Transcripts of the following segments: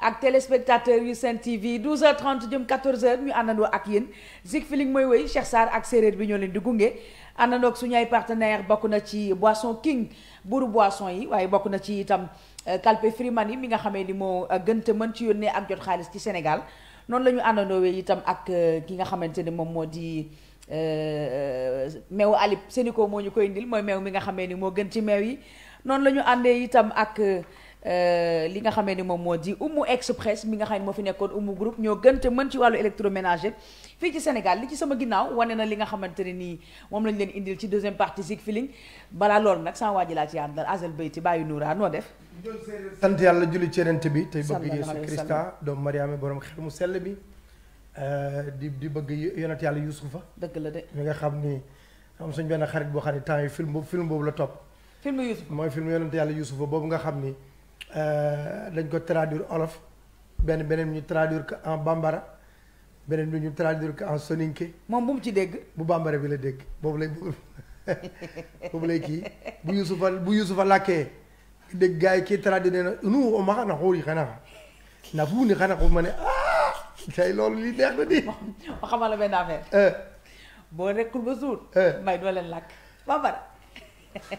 ak téléspectateurs yu Sen TV 12h30 jëm 14h ñu àndandoo ak yéen Zik Feeling mooy woy Cheikh Sarr ak séeréer bi ñoo leen di gunge àndandoo ak suñu ay partenaire bokk na ci boisson king buuru boisson yi waaye bokk na ci itam euh, Calpe Freeman yi mi nga xamee ni moo euh, gënte mën ci yónnee ak jot xaalis ci Sénégal noonu la ñu àndandoowee itam ak euh, ki nga xamante ni moom moo di meew alib Sénico moo ñu koy indil mooy meew mi nga xamee ni moo gën ci meew yi noonu la ñu àndee itam ak Euh, li nga xamee ni moom moo di Umu Express mi nga xam ne moo fi nekkoon Umu groupe ñoo gën te mën ci wàllu électroménager fii ci Sénégal li ci sama ginnaaw wane na li nga xamante ne nii moom lañ leen indil ci deuxième partie Zik Feeling balaa loolu nag sama waa ji laa ci àndal Azel Beyti bàyyi Noura noo def. sant yàlla julli ci Yonent bi tey bëgg Yeesu Krista doomu Mariama borom mu sell bi euh, di di bëgg yonent yàlla Yuusufa dëgg la mi nga xam ni am suñ benn xarit boo xam ne temps yi film boobu film boobu la topp. film Yuusufa mooy film yonent yàlla Yuusufa boobu nga xam ni dañ ko traduire olof benn beneen ñu traduire ko en bambara beneen bi ñu traduire ko en soninke. moom bu mu ci dégg. bu bambara bi la dégg boobu lay boobu lay kii bu Yusufa bu Yusufa làkkee dégg gars yi kii traduire na nu o maxa na xóori xanaa na fu ni xanaa ko ma ne ah tey loolu li neex na di. ma xamal la benn affaire. boo rekkul ba suur. mbay doo leen làkk bambara.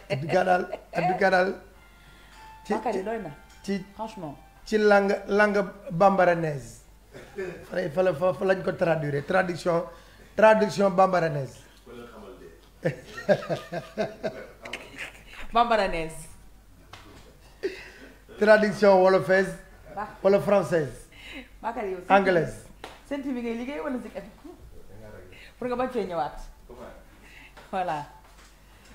en tout cas daal en tout cas daal. ci ci langue langue bambaranaise fa la fa lañ ko traduire traduction traduction bambaranaise. bambaranaise. traduction wala française. Bakary yow anglaise. seen TV ngay liggéey wala Zik FM pour nga bañ fee ñëwaat. voilà.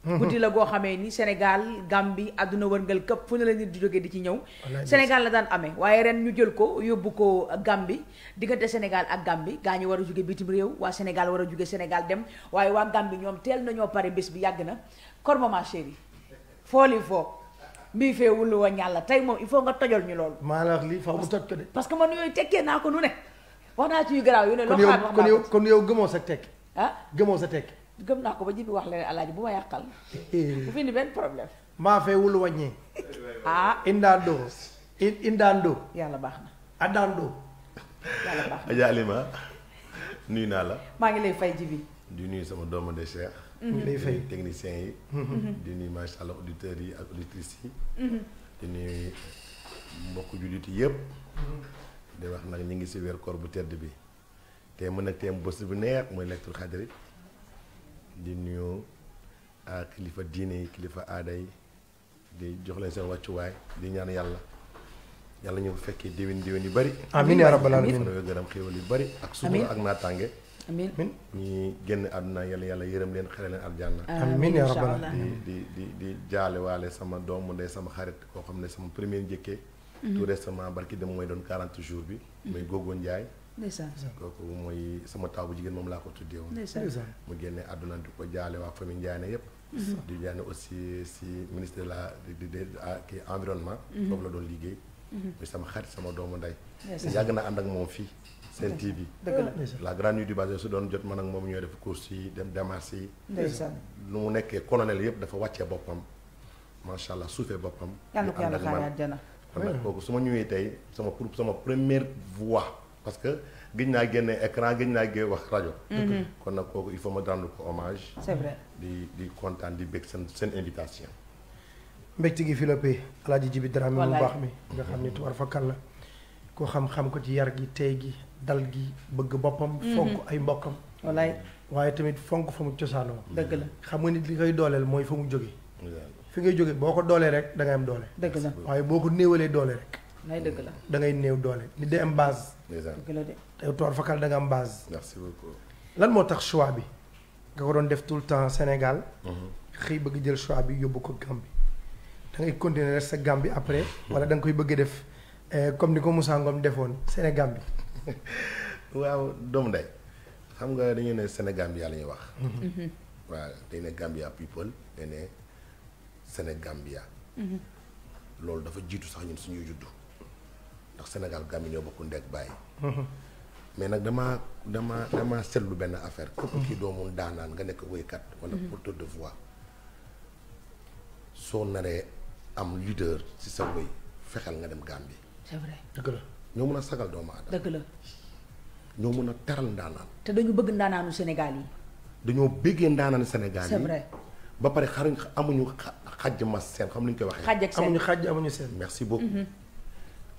Mm-hmm. guddi la goo xamee ni Sénégal Gambie àdduna wërngal këpp fu ne la di jóge di ci ñëw Sénégal la daan amee waaye ren ñu jël ko yóbbu ko Gambie diggante Sénégal ak Gambie gaa ñu war a jóge bitim réew waa Sénégal war a jóge Sénégal dem waaye waa Gambie ñoom teel nañoo pare bés bi yàgg na kor maman chérie fooli foo mbii fee wulu wa ñàlla tey moom il faut nga tojal ñu loolu maa la lii faaw mu toj ko de parce que man yooyu tekkee naa ko nu ne wax naa ci yu garaaw yu ne loo xam kon yow gëmoo sa tekki ah gëm naa ko ba jibi wax leen alaaji bu ma yàqal bu fi ni benn problème maa fee wul wàññi ah indando indando yàlla baax na adando yàlla baax na ajaalima nuyu naa la maa ngi lay fay jibi di nuyu sama doomu de cheikh ngi mm-hmm. lay fay technicien yi mm-hmm. di nuyu macha allah auditeurs yi ak auditrices yi mm-hmm. di nuyu mbokk julit yépp di wax nag ñu ngi si weer kor bu tedd bi te mën a teem bés bu neex mooy lecture xadri di nuyu kilifa diine yi kilifa aada yi di jox leen seen wàccuwaay di ñaan yàlla yàlla ñu fekkee déwén déwén yu bari amiin yaa rabbal aalamiin gërëm xéewal yu bari ak sutura ak naataange amiin génn àdduna yàlla yàlla yërëm leen xare leen aljanna amiin yaa di di di jaale waale sama doomu ndey sama xarit koo xam ne sama premier njëkkee mhm. tout récemment barki dem mooy doon 40 jour bi mhm. muy Gogo Ndiaye ndeysaan kooku mooy sama taw bu jigéen moom laa ko tuddee woon di ko jaale waa famille Ndiané yëpp mhm. di Ndiané aussi si ministre de la de de ah, kii environnement mhm. foofu la doon mhm. sama xarit sama doomu ndey yàgg na ànd ak moom fii seen la grande nuit du basé su doon jot man ak moom ñooy def course yi dem démarche yi lu mu nekkee colonel yëpp dafa wàccee boppam macha allah suufee sama pour sama première voix parce que gëj naa génne écran gëj naa génne wax rajo. kon nag kooku il faut ma rendre ko hommage. c'est vrai di di kontaan di bég seen seen invitation. mbégte gi Philippe El Hadj Djibi Dramé mu baax mi nga xam ni tubaar fakal la ko xam-xam ko ci yar gi tey gi dal gi bëgg boppam. Mhm. fonk ay mbokkam. wallaay waaye tamit fonk fa mu cosaanoo. dëgg la xam nga nit li koy dooleel mooy fa mu jógee. fi ngay jógee boo ko doolee rek da ngay am doole. dëgg la waaye boo ko néewalee doole rek. lay dëgg la da ngay néew doole nit day am base. dëgg de te toor fakal danga nga am base. lan moo tax choix bi nga ko doon def tout le temps Sénégal. Mhm. xëy bëgg jël choix bi yóbbu ko Gambie da ngay continuer rek sa Gambie après. Mhm. wala da nga koy bëgg def eh, comme ni ko Moussa Ngom defoon Sénégal bi. waaw doomu ndey xam nga dañu ne Sénégal bi yàlla ñuy wax. Mhm. waaw dañu ne Gambia people dañu ne Sénégambia. loolu dafa jiitu sax ñun suñuy juddu. ndax Sénégal gami ñoo bokku ndek bay mais nak dama dama dama sétlu ben affaire. képp kii doomu daanan nga nek way kat wala mhm. porteur de voix. so naré am leader ci sa way fexeel nga dem gambi c'est vrai deug la ñoo mëna sagal doomu aadama. deug la. ñoo mëna taral daanan té dañu bëgg daananu Sénégal yi. dañoo bëggé ndaanaanu Sénégal yi c'est vrai. ba pare xaruñ amuñu xajj ma sen xam nuñ koy waxee. xajj amuñu xajj amuñu sen merci beaucoup. Mhm.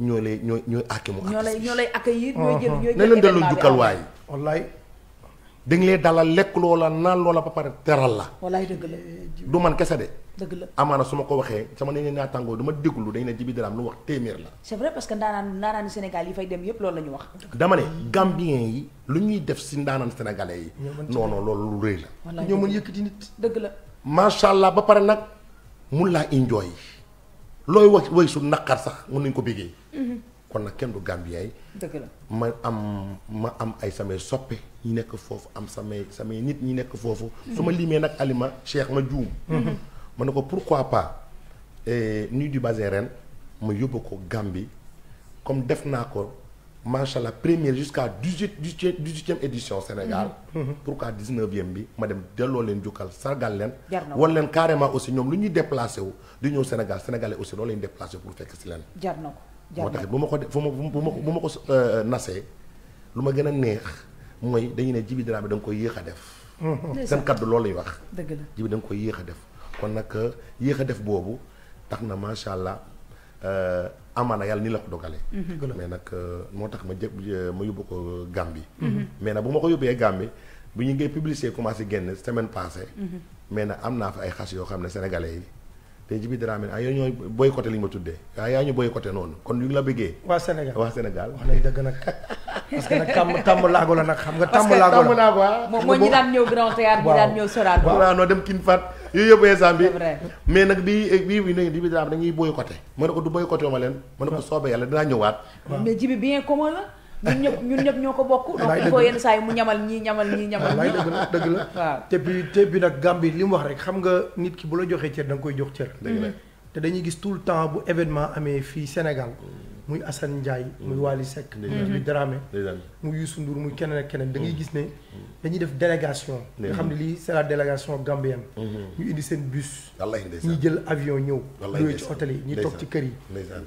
ñoo lay ñoo ñooy àkke mu. ñoo lay ñoo lay accueillir ñooy jël ñooy uh-huh. jël événement bi ah, dalal lekk loola naan loola ba pare teral la. wallaay dëgg la. man kese de. dëgg la amaana su ma ko waxee sama nee naa tàngoo du ma déglu dañ ne Djiby Dramé lu wax téeméer la. c'est vrai parce que ndaanaan ndaanaanu Sénégal yi fay dem yépp la ñu wax. dama ne Gambien yi lu ñuy def si ndaanaan sénégalais yi. non non loolu lu rëy la. wallaay ñoo mën yëkkati nit. dëgg la macha allah ba pare nag mun laa enjoy looy wax way su naqar sax mun nañ ko bégee Mm-hmm. kon nak kenn du Gambien yi. la ma am ma am ay samay soppe ñi nekk foofu am samay samay nit ñi nekk foofu. Mm-hmm. su ma limee nag Alima Cheikh ma juum. Mm-hmm. ma ne ko pourquoi pas eh, nuit du Bazin ren ma yóbbu ko gambi comme def naa ko macha allah première jusqu'à dix-huit dix-huitième édition Sénégal. pourquoi dix e bi ma dem delloo leen jukkal sargal leen. wan leen carrément aussi ñoom lu ñuy déplacé wu di ñëw Sénégal sénégalais aussi loolu la ñuy déplacé pour fekk si leen. jar na ko. moo tax bu ma ko de bu ma bu ma bu ma ko euh, euh, nasee lu ma gën a neex mooy dañu ne Djiby Dramé da nga koy yéex a def mm-hmm. seen kaddu loolu lañuy wax dëgg la da nga koy yéex a def kon nag euh, yéex a def boobu tax na macha allah amaana yàlla ni la ko dogalee mm-hmm. mais nag moo tax ma jë ma yóbbu ko Gambie mm-hmm. mais na bu ma ko yóbbee Gambie bu ñu ngay publicité commencé génn semaine passée mais nag am naa fa ay xas yoo xam ne sénégalais yi te Djiby Dramé ah yow ñooy boycotté li ñu ma tuddee waaye yaa ñu boycotté noonu kon ñu la bëggee. waa Sénégal waa Sénégal. wax nañ dëgg laago la nag xam nga. tàmm laago la parce que mooy ñi daan ñëw Grand Théâtre ñi daan ñëw Sorano. waaw non dem kin fat yooyu yëpp instant bi mais nag bii bii bii nag Djiby Dramé dañuy boycotté. ma ne ko du boycotté ma leen. ma ne ko soobee yàlla dinaa ñëwaat. mais Djiby bien commun la. ñun ñëpp ñun ñëpp ñoo ko bokk. donc il saa mu ñamal ñii ñamal ñii ñamal ñii. dëgg la dëgg la waaw. te bi te bi nag Gambie li mu wax rek xam nga nit ki bu la joxee cër da nga koy jox cër. dëgg la mm-hmm. te dañuy gis tout le temps bu événement amee fii Sénégal muy Assane Ndiaye mm. muy Waly Seck muy mm-hmm. Dramé muy Youssou Ndour mu keneen ak keneen da ngay mm. gis ne mm. dañuy def délégation nga xam ne lii c'est la délégation gambienne mm-hmm. ñu indi seen bus ñuy jël avion ñëw ñëwee ci hôtel yi ñuy toog ci kër yi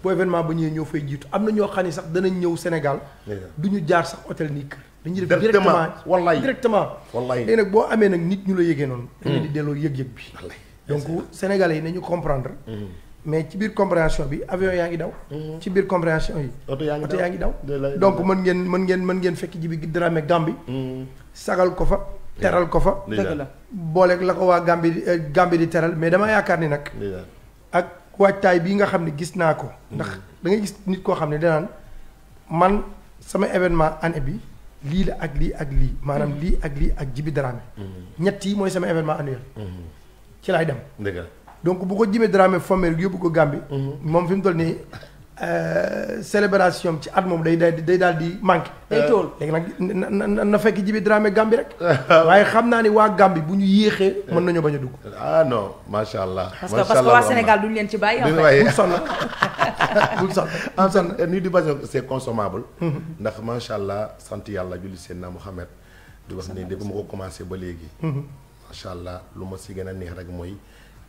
bu événement ba ñëwee ñoo fay jiitu am na ñoo xam ne sax danañ ñëw Sénégal du ñu jaar sax hôtel nii kër dañuy def directement wallaay directement wallaay léegi nag boo amee nag nit ñu la yëgee noonu dañuy di delloo yëg-yëg bi donc sénégalais yi nañu comprendre mm-hmm. mais ci biir compréhension bi avion yaa ngi daw. Mhm. ci biir compréhension yi. oto yaa ngi daw daw. donc mën ngeen mën ngeen mën ngeen fekk ji bi Dramé gambi mhm. sagal ko fa. teral ko fa. dëgg la booleeg la ko waa gambi eh, gambi di teral mais dama yaakaar ni nag. ak waajtaay bi nga xam ne gis naa ko. Mhm. ndax da ngay gis nit koo xam ne danaan man sama événement année bi lii la ak lii ak lii maanaam lii ak lii ak jibi Dramé. ñett yi mooy sama événement annuel. ci laay dem. dëgg la donc bu ko Djiby Dramé formé yobu ko gambi mhm. mom fi mu toll nii euh, célébration ci at mom day day daal di manqué. day euh, tool léegi nag na fekk Djiby Dramé gambi rek. waye xamna ni wa gambi Gambie bu ñu yéexee. Eh. mën nañoo baña a dugg. ah non macha allah. parce que parce que waa Sénégal duñ len ci baye am na bul sonn bul sonn. en fait ni di base c'est consommable. Mhm. ndax macha allah sant yàlla julli sen na Mouhamed. di wax ni depuis ma commencer commencé ba léegi. Mhm. macha allah lu ma si gën a neex rek mooy.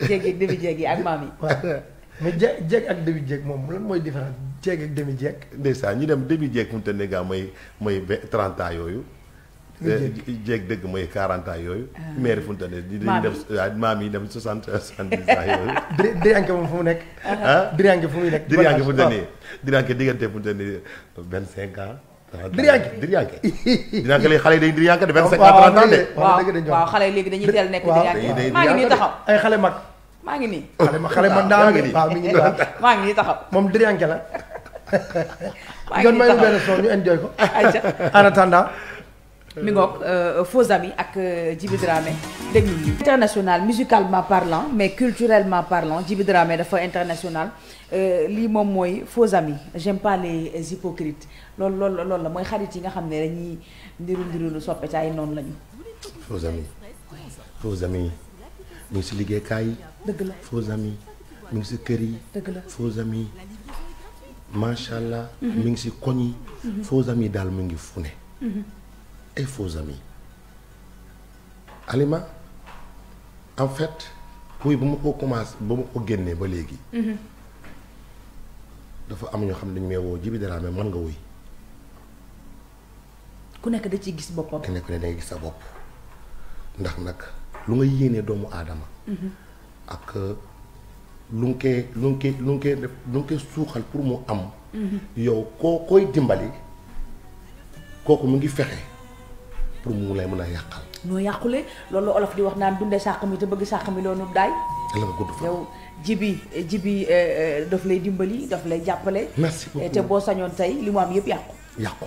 jéeg yi demi jéeg yi ak maam yi. mais je jeeg ak demi jeeg moom lan mooy différence jeeg ak demi jeeg. ndeysaan ñu dem demi jeeg fu mu toll nii gaa mooy mooy vingt trente ans yooyu. Eh, jeeg dëgg mooy quarante ans yooyu. Ah. maire fu mu toll nii dañuy dem maam yi dem soixante soixante dix ans yooyu. diri diriyanke moom fu mu nekk. ah diriyanke fu muy nekk. diriyanke fu mu toll nii diriyanke diggante fu mu toll nii vingt cinq ans. diriyanke diriyanke diriyanke léegi xale yi dañuy diriyanke de vingt cinq ans trente ans de. waaw waaw xale yi léegi dañuy teel nekk diriyanke maa ngi nii taxaw ay xale mag. maa ngi nii. xale ma xale man daal waaw mi ngi nii maa ngi nii taxaw. moom diriyanke la. maa ngi nii taxaw yoon may ñu enjoy ko. ayca en attendant. mi ngoog euh, faux amis ak euh, Djiby Dramé déglu ñu. international musicalement parlant mais culturellement parlant Djiby Dramé dafa international euh, lii moom mooy faux amis j'aime pas les hypocrites loolu loolu loolu la mooy xarit yi nga xam ne dañuy ndiru ndiru lu soppe ci ay faux amis faux amis. mu ngi si liggéeykaay yi. mu ngi si kër yi. dëgg la allah. Mhm. mu ngi si koñ yi. Mhm. daal mu ngi fu ne. Mhm. ay faux amis Alima en fait kuy ba ma ko commencé ba ma ko génnee ba léegi. dafa am ñoo xam ne dañ may woo Djiby Dramé mën nga woy ku nekk da ci gis boppam. ku nekk da ngay gis sa bopp ndax nag. lu nga yéenee doomu aadama ak lu nga koy lu nga lu nga suuxal pour mu am yow koo koy dimbali kooku mu ngi fexe pour mu lay mën a yàqal noo yàqule loolu olof di wax naan dunde sàq mi te bëgg sàq mi loolu daay yow jibi jibi eh, eh, daf lay dimbali daf lay jàppale merci te boo sañoon tey li mu am yëpp yàqu yàqu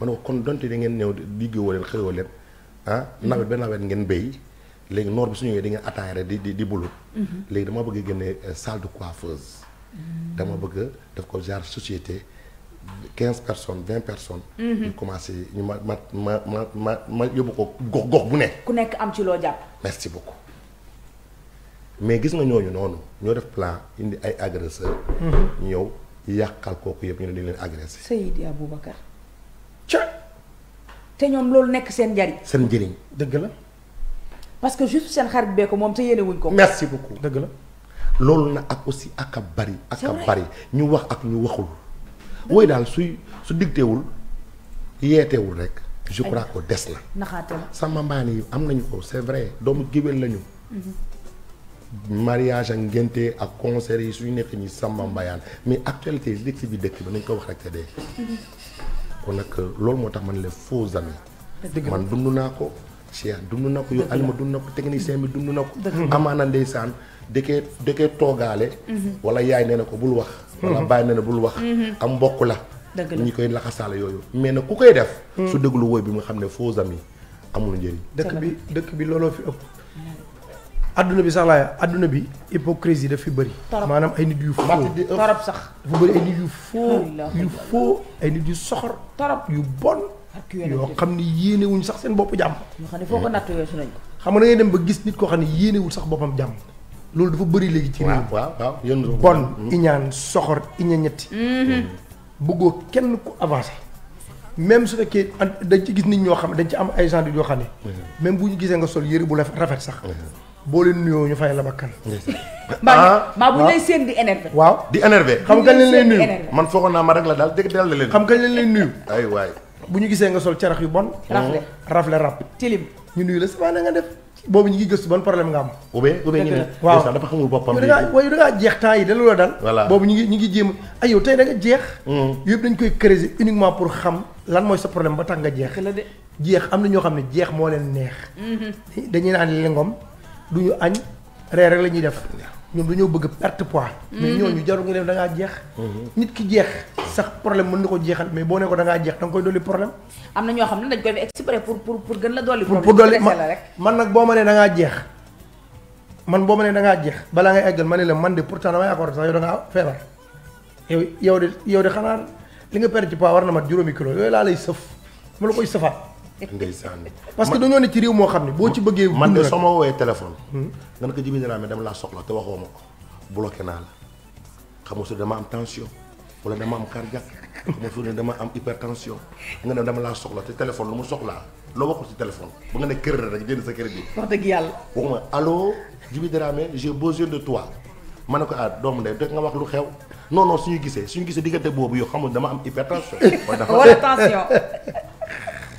ma ko kon donte da ngeen ñëw liggéeyoo leen xëyoo leen ah, nawet ba nawet ngeen béy léegi noor bi su ñëwee di ngeen attaay rek di di di bulu mm-hmm. léegi dama bëgg génne euh, salle de mm-hmm. dama bëgg def ko genre société quinze personnes vingt personnes mm-hmm. ñu commencé ñu ma ma ma ma ma ma yóbbu ko gox gox bu ne ku nekk am ci loo jàpp merci beaucoup mais gis nga ñooñu noonu ñoo def plan indi ay agresseur ñëw yàqal kooku yëpp ñu ne dañ leen agressé Seydi Aboubacar te ñoom loolu nekk seen njariñ. seen njëriñ dëgg la. parce que juste seen xarit bee ko moom te yéene wuñ ko. merci beaucoup dëgg la. loolu na ak aussi ak a bari. ak a bari ñu wax ak ñu waxul. wooy daal suy su digteewul yeeteewul rek. je crois des na. naxaate la sama mbaane yi am nañu ko c'est vrai doomu géwél lañu. Mm-hmm. mariage ak ngénte ak concert yi suñu nekk ñi sama mbayaan mais actualité li ci bi dëkk bi nañ ko wax rek te dee. Mm-hmm. ko nag loolu moo tax man les faux amis man dund naa ko Cheikh dund na ko yow Alima dund na ko technicien bi dund na ko amaana ndeysaan dëkkee dëkkee toogaale mhm. wala yaay nee na ko bul wax wala mhm. bàyyi nee na bul wax mhm. am mbokk la ñi koy laxasaale yooyu mais nag ku koy def su déglu woy bi nga xam ne faux amis amul njëriñ dëkk bi dëkk bi looloo fi ëpp aduna bi sax la aduna bi hypocrisie da fi bëri. manam ay nit yu fo torop sax. dafa bëri ay nit yu fo yu fo ay nit yu soxor. torop yu bon. yo xamni yene wuñ sax sen bop jam, yoo xam ne foo ko natt ko. xam nga dem ba gis nit ko xamni yene yéene wul sax boppam jàmm. loolu dafa bëri legi ci waaw waaw bon iñan soxor iña ñetti. Mhm. kenn ku avancer même su fekkee dañ ci gis nit ñoo xam dañ ci am ay genre yo xamni mhm. même buñu gisé nga sol yëre bu rafet sax. Mhm. boo leen nuyoo ñu fay la bakkan. ah maa bu ñu lay waaw di énervé. xam nga leen lay nuyu man foogoon naa ma rek la daal dégg la leen. xam nga leen lay nuyu. ay waay ñu gisee nga sol carax yu bon. rafle mm. rafle rap. tilim ñu nuyu la sama na nga def. boobu ñu ngi gëstu ban problème nga am. oubien oubien ñu ne. waaw dafa xamul boppam. da ngaa waaye da ngaa jeex temps yi la boobu ñu ngi ñu ngi jéem ay yow tey da nga jeex. Mm. yëpp dañ koy creuser uniquement pour xam lan mooy sa problème ba tax nga jeex. jeex am na ñoo xam ne jeex moo leen neex. Mm-hmm. dañuy naan lengom du ñu añ rer rek lañuy def ñom dañu bëgg perte poids mais mhm. ñu jaru ngi leen da nga jeex mhm. nit ki jeex sax problème mën na ko jeexal mais bo ne ko da nga jeex dang koy doli problème amna ñoo dañ koy exprès pour pour pour gën la problème pour dolli man nak bo mané da nga jeex man bo mané da nga jeex bala ngay eggal mané la man de pourtant damay accordé sax yow da nga feebar yow yow de yow de li nga perte poids war na mat juromi kilo yooyu la lay seuf ma la koy sëfaat ndeysaan parce que dañoo ne ci réew moo xam ne boo ci bëggee. man de soo ma woowee téléphone. nga ne ko Djiby Dramé dama laa soxla te waxoo ma ko. bloqué naa la xam nga su dama am tension wala dama am cardiaque xam nga su ne dama am hypertension nga ne dama laa soxla te téléphone lu mu soxlaa loo waxul ci téléphone ba nga ne kër rek jënd sa kër gi. wax dëgg yàlla. waxuma allo Djiby Dramé j'ai de toi ma ne ko ah doomu ndey nga wax lu xew. non su suñu gisee su ñu gisee diggante boobu yow xamul dama am hypertension.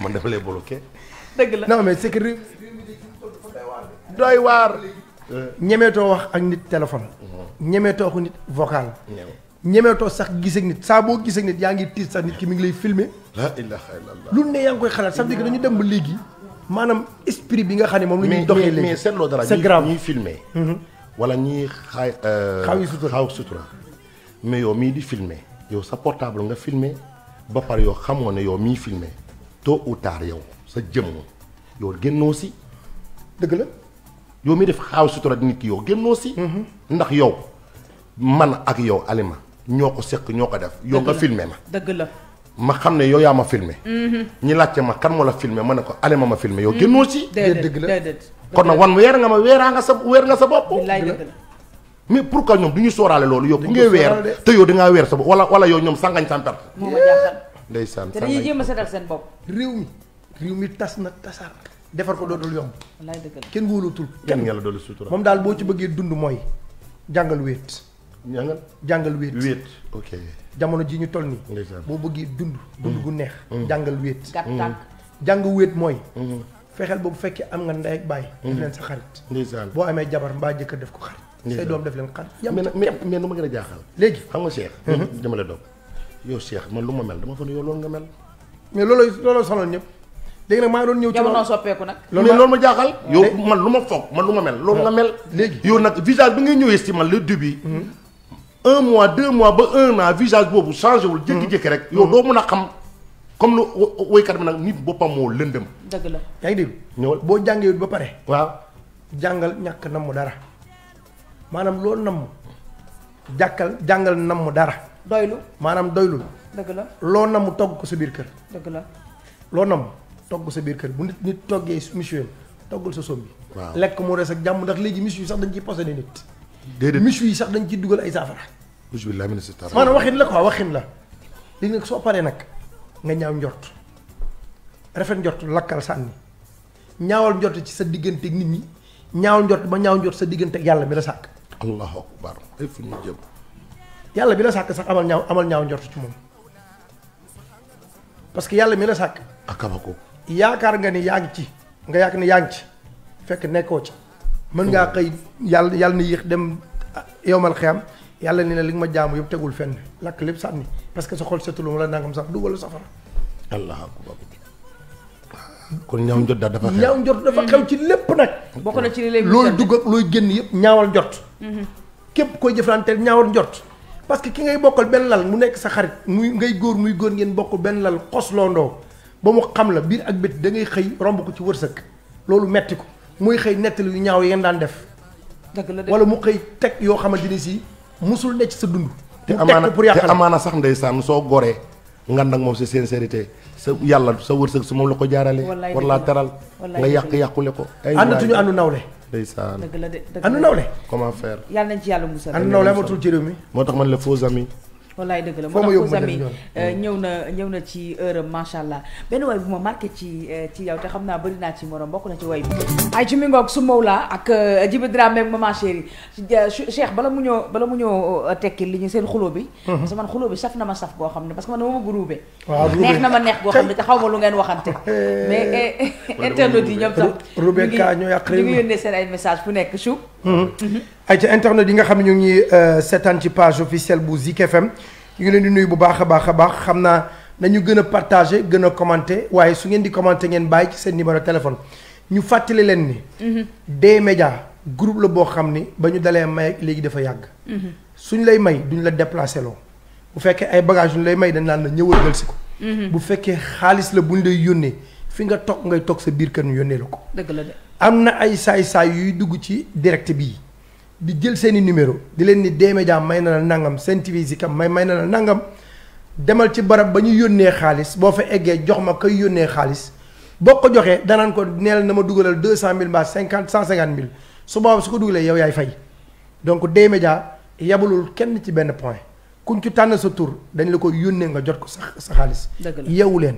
man dafa lay bloqué. deug la non mais c'est que doy war ñemeto wax ak nit téléphone. ñemeto ko nit vocal. ñemeto sax gis ak nit sa bo gis ak nit yaa ngi tiit sax nit ki mi ngi lay filmer la ilaha illallah lu ne yang koy xalat sa veut dire dañu dem ba léegi manam esprit bi nga xam mom lu la ñuy doxee mais sen lo dara c'est grave ñuy filmer mhm. wala ñuy euh xaaw sutura xaaw sutura mais yow mi di filmer yo sa portable nga filmer ba par yo xamone yo mi filmer tôt utar yow sa jëm yow genno si deug la yow mi def xaaw sutura nit yo, yow génnoo si mhm. ndax yow man ak yow alima ñoko sekk ñoko def yow nga filmé ma deug la ma xamne ne yow ya ma filmé ñi mhm. laccé ma kan mo la filmé mané ko alima ma filmé yow genno mhm. si deug la kon na wan weer nga ma weeraa nga sa weer nga sa bop mais pourquoi ñom duñu soralé lolu yow bu ngee te yow da nga sa wala wala yow ñom sangañ sa perte ndeysaan te dañuy jéem a seetal seen bopp réew mi réew mi tas na tasaar defar ko dootul yomb wallaay dëgg la kenn wóolatul kenn yàlla doolu sutura moom daal boo ci bëggee dund mooy jàngal wéet jàngal jàngal wéet wéet ok jamono ji ñu toll nii boo bëggee dund dund gu neex mm. Mm. jàngal wéet gàtt mm. tànk jàng wéet mooy fexeel boobu am nga ndey ak bàyyi def leen sa xarit ndeysaan boo amee jabar mbaa jëkkër def ko xarit say doom def leen xarit yam mais mais mais nu ma gën jaaxal léegi xam nga Cheikh dama mm-hmm. la doom yow Cheikh man lu ma mel dama fa ne yow loolu nga mel mais looloo looloo soxloon ñëpp léegi nag maa doon ñëw ci loolu soppeeku nag mais loolu ma jaaxal yow man lu ma foog man lu ma mel loolu nga mel léegi yow nag visage bi ngay ñëwee si man le début hmm. mois deux mois ba un an visage boobu changé wul hmm. jékki-jékki rek yow hmm. doo mën a xam comme lu nag nit boppam moo lëndëm dëgg la yaa ngi dégg boo jàngee ba pare waaw jàngal ñàkk mu dara maanaam loolu namm jàkkal jàngal mu dara doylu manam doylu deug la lo nam togg ko sa bir keur deug la lo nam togg sa bir keur bu nit nit togge monsieur toggul sa sombi lek lekk mu res ak jàmm ndax legi monsieur sax dañ ciy posone nit déedéet monsieur sax dañ ci duggal ay safara bismillah min sitaara man waxin la ko waxin la li nga so paré nak nga ñaaw njort rafet njort lakkal sanni ñaawal njort ci sa digënté nit ñi ñaawal njort ba ñaaw njort sa digënté ak mi la sak allahu akbar ay fu ñu jëm yalla bi la sak sax amal ñaw amal ñaw ñortu ci mom parce que yalla mi la sàkk akabako yaakar nga ni yaa ci nga yaak ni yaa ci fekk neko ci mën nga mm. xey yalla yalla ni yex dem ah, yowmal xiyam yalla ni la li nga ma jaamu yeb tegul fenn lak lepp sanni parce que sa xol setul mu la nangam sax du wala safara allah akbar kon ñaw ñort da dafa xew ñaw ñort dafa xew ci lepp nak bokk na ci li lay lool dugg ak looy génn yëpp ñaawal hmm kep koy jëfrante ñaawal ñort parce que ki ngay bokkal benn lal mu nekk sa xarit muy ngay góor muy góor ngeen bokk benn lal xosloondoo ba mu xam la biir ak bët dangay xëy romb ko ci wërsëg loolu metti ko muy xëy nettali yu ñaaw yéen daan def. wala mu xëy teg yoo xamante ni si musul ne ci sa dund. te amaana pour yàqal te amaana sax ndeysaan soo goree. nga nag moom sa sincérité sa yàlla sa wërsëg su moom la ko jaaralee. war laa teral nga yàq yàqule ko. ay waay àndatuñu àndu nawle. ndeysaan dëgg la de àndu nawle. comment faire. yàlla nañ ci yàlla musal. àndu nawle amatul ci réew mi. moo tax man la faux ami wallaay dëgg la moo tax Oussami euh, ñëw na ñëw na ci heure macha allah benn way bu ma marqué ci euh, ci yow te xam naa bëri naa ci morom bokk na ci way bi ay ci mi ngoog su maw la ak euh, Djiby Dramé ak maman chérie Cheikh bala mu ñoo bala mu ñoo tekki li ñu seen xulo bi mhm. parce que man bi saf na ma saf goo xam ne parce que man dama bëgg ruube neex na ma neex goo xam ne te xaw ma lu ngeen waxante eh. mais eh, internet yi ñoom sax ñu ngi yónnee seen ay message nekk chou ay ca internet yi nga xam ne ñu ngi euh, seetaan ci page officielle bu Zik FM ñu ngi leen di nuyu bu baax a baax a baax xam naa nañu gën a partagé gën a commenté waaye su ngeen di commenté ngeen bàyyi ci seen numéro téléphone ñu fàttali leen ni mhm. D-Média groupe la boo xam ni ba ñu dalee may léegi dafa yàgg mhm. suñ lay may duñu la déplacé loo bu fekkee ay bagage ñu lay may dañ naan la ñëwal jël ko mhm. bu fekkee xaalis la bu ñu lay yónnee fi nga toog ngay toog sa biir kër yónnee la ko dëgg la amna na ay say say yu dugg ci direct bi di jël seeni numéro di leen ni déme jam may na la nangam Sen TV zika may may na la nangam demal ci barab ba ñu yónnee xaalis boo fa eggé jox ma koy yónnee xaalis boko ko da nan ko neel na ma dugalal 200000 ba 50 150000 su boobu su ko dugalee yow yay fay donc déme ja yabulul kenn ci ben point kuñ ci tan sa tur dañ la ko yónnee nga jot ko sa sa yawulen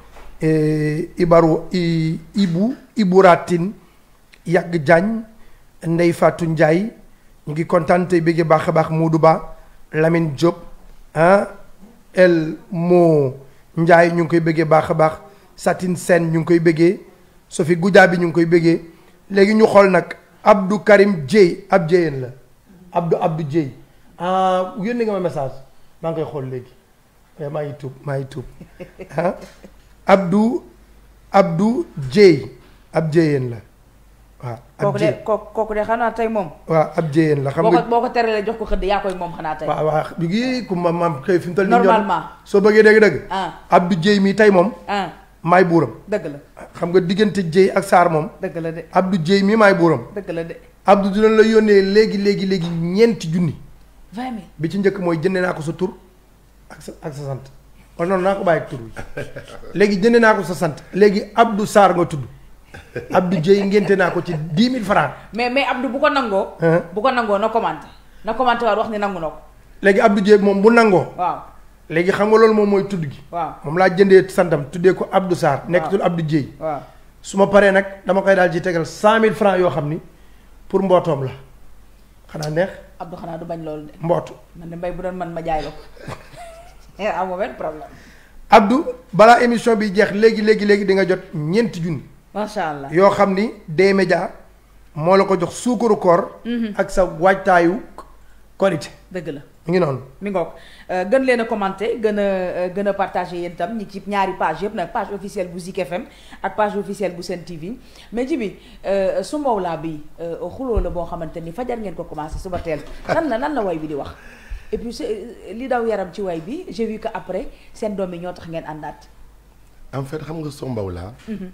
E, Ibaru Ibu Iburatin Yàgg Diagne Ndey Fatou njaay ñu ngi kontaan tey baax a baax Modou Ba Lamine Diop ah El Mo Ndiaye ñu ngi koy bëggee baax a baax Satine seen ñu ngi koy bëggee Sophie Goudia bi ñu ngi koy bëggee léegi ñu xool nag Abdou Karim Dieye ab Dieyeen la Abdou Abdou Dieye ah yónnee nga ma message maa ngi koy xool léegi eh, maa ngi tuub maa ngi tuub ah, Abdou Abdou Dieye ab jéyeen la waaw. ab jéy kooku kooku de xanaa tey moom. waaw ab jéyeen la xam nga boo ko boo ko jox ko xëdd yaa koy moom xanaa tey. waaw waaw bii ku ma maam kay fi mu toll nii. normalement soo bëggee dëgg-dëgg. Ah. Abdou Dieye mii tey moom. Ah. may buuram. dëgg la xam nga diggante Dieye ak saar moom. dëgg la de Abdou Dieye mii maay buuram. dëgg la de Abdou dinañ la yónnee léegi léegi léegi ñeenti junni. vingt bi ci njëkk mooy jëndee naa ko sa tur ak sa ak sa sant. kon noonu naa ko bàyyi tur bi léegi jënd naa ko sa sant léegi Abdou saar nga tudd Abdou Dieye ngénte naa ko ci dix mille francs mais mais Abdou bu ko nangoo. bu ko nangoo na commenté na commenté waat wax ni nangu na ko. léegi Abdou Dieye moom bu nangoo. léegi xam nga loolu moom mooy tudd gi. waaw moom laa jëndee santam tuddee ko Abdou saar nekk tul Abdou Dieye. su ma paree nag dama koy daal ci tegal cent mille francs yoo xam ni pour mbootoom la xanaa neex. Abdou xanaa du bañ loolu mbootu man de mbay bu doon man la ko. Eh, amoo problème. Abdou bala émission bi jeex légui légui légui di nga jot ñeenti junni. macha allah yoo xam ni média mo la ko jox suukaru koor. Mhm. ak sa waajtaayu qualité deug la mi ngi non mi ngoog euh, gën leen commenter gën a euh, gën partager yéen itam ñi ci ñaari page yëpp nak page officielle bu Zik FM ak page officielle bu Sen TV mais ji bi euh, su mawla bi xuloo la bo xamanteni fajar ngeen ko commencer suba tel lan la nan la way bi di wax et puis euh, li daw yaram ci j'ai vu que après un domaine qui ñoo en ngeen en fait xam nga sombaw la mhm.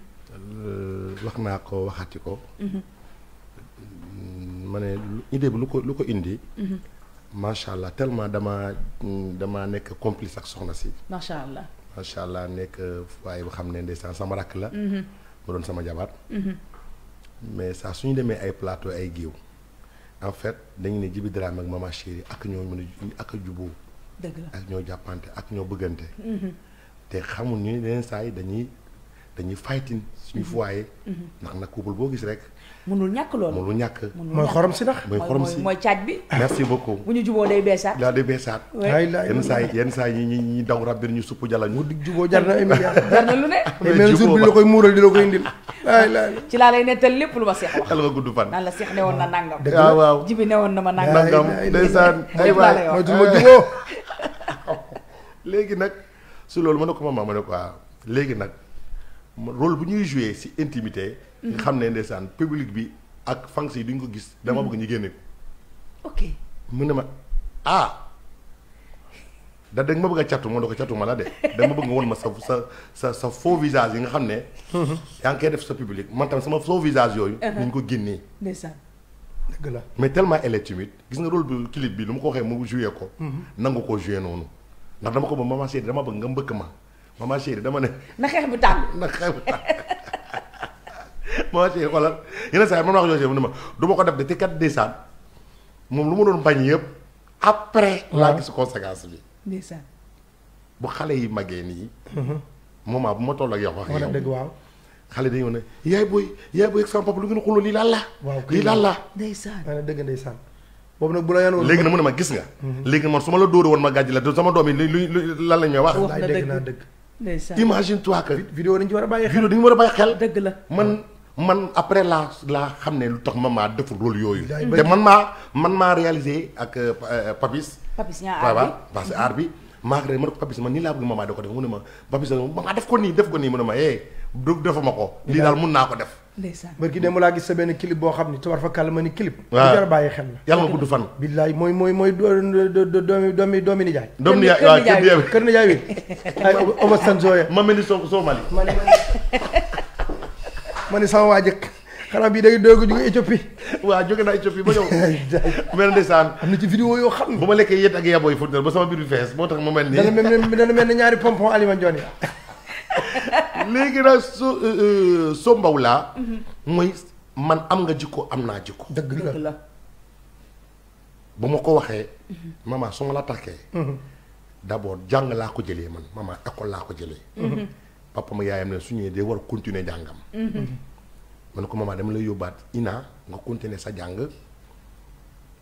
euh, wax ko waxati ko. Mhm. Mm, idée bi lu mhm. tellement complice ak soxna si. machallah machallah nek mais ça plateau ay en fait dañu ne Djiby Dramé ak Mama Chérie ak ñoo mën a ak a juboo dëgg la ak ñoo jàppante ak ñoo bëggante mm-hmm. te xamul ñu leen saa yi dañuy dañuy suñu mm-hmm. foyer mm-hmm. ndax nag couple boo gis rek mënul ñàkk loolu mënul ñàkk mooy xorom si ndax mooy xorom si mooy caaj bi merci beaucoup bu ñu juboo day beesaat daa day beesaat yenn saa yi yenn saa yi ñi ñi daw rabbir ñu supp jalañ mu dig juboo jar na ay milliard lu ne même jour bi la koy muural di la koy indil ay laay ci laa lay nettal lépp lu ma seex wax yàlla nga gudd fan naan la seex newoon na ah, na ma juboo léegi nag su loolu ma ne ko maman ma ne ko waaw léegi nag rôle bu ñuy joué si intimité nga mm-hmm. xam ne ndeysaan public bi ak fans yi duñ ko gis dama bëgg ñu mm-hmm. génne ko ok mu ne ma ah da dégg ma bëgg catu ma ne ko catu ma la de dama bëgg nga won ma sa sa sa sa faux visage yi nga xam ne mm-hmm. yaa ngi koy def sa public man tam sama faux visage yooyu uh-huh. ñu ko génnee ndeysaan la mais tellement elle est gis nga rôle bi clip bi lu ma ko waxee mu joué ko nangu koo joué noonu ndax dama ko ba maman chérie dama bëgg nga mbëkk ma maman chérie dama ne na xeex bi tàng na xeex bi moo ci xolal yenn saa man wax yooyu mu ma du ko def de te kat ndeysaan moom lu ma doon bañ yëpp après laa gis conséquence bi ndeysaan bu xale yi magee nii moment bu ma wax waaw dañu ne boy yaay boy ak sama papa mm-hmm. lu ngeen xuloo lii lan la lii lan la ndeysaan ana dëgg ndeysaan boobu nag bu la yanoon léegi na ma gis nga man la ma la sama doom yi lañ may wax dëgg naa dëgg imagine toi que vidéo dañ ci war a xel vidéo dañ xel la man man après la la xamné ne lu tax mama def rôle yoyu té man ma man ma réaliser ak euh, euh, Papis. Papis ñaa aar bi parce que aar bi. maa ko man Papis man ni la bëgg mama da ko def mënuma ma Papis mama def ko ni def ko ni mënuma hé eh, du eh defuma ko. lii daal mun naa ko def. ndeysaan barki dem la gis sa ben clip bo xamni tawar fa kal ma ni clip. du jar baye xel la. yàlla ma do do do do do mooy do doomi doomi nijaay. do nijaay waaw kër nijaay bi kër nijaay bi. ay Omar Sanzoye. ma mel ni soo mali. ma ne sama waa jëkk xanaa bii day doog a jóge Éthiopie waaw jóge naa Éthiopie ba ñëw mel ndeysaan am na ci vidéo yoo xam ne bu ma lekkee yét ak yabooy fudnal ba sama biir bi fees moo tax mu mel ni ni ñaari pompon alima njoon ya léegi nag so euh, euh, so mbaw laa mhm. man am nga jikko am naa jikko dëgg la bu ma ko waxee mhm. maman su ma la takkee mhm. d'abord jàng laa ko jëlee man maman école laa ko jëlee papa ma yaayam ne su ñëwee day war a continuer jàngam. Mm-hmm. man ko maman dama lay yóbbaat ina nga continuer sa jàng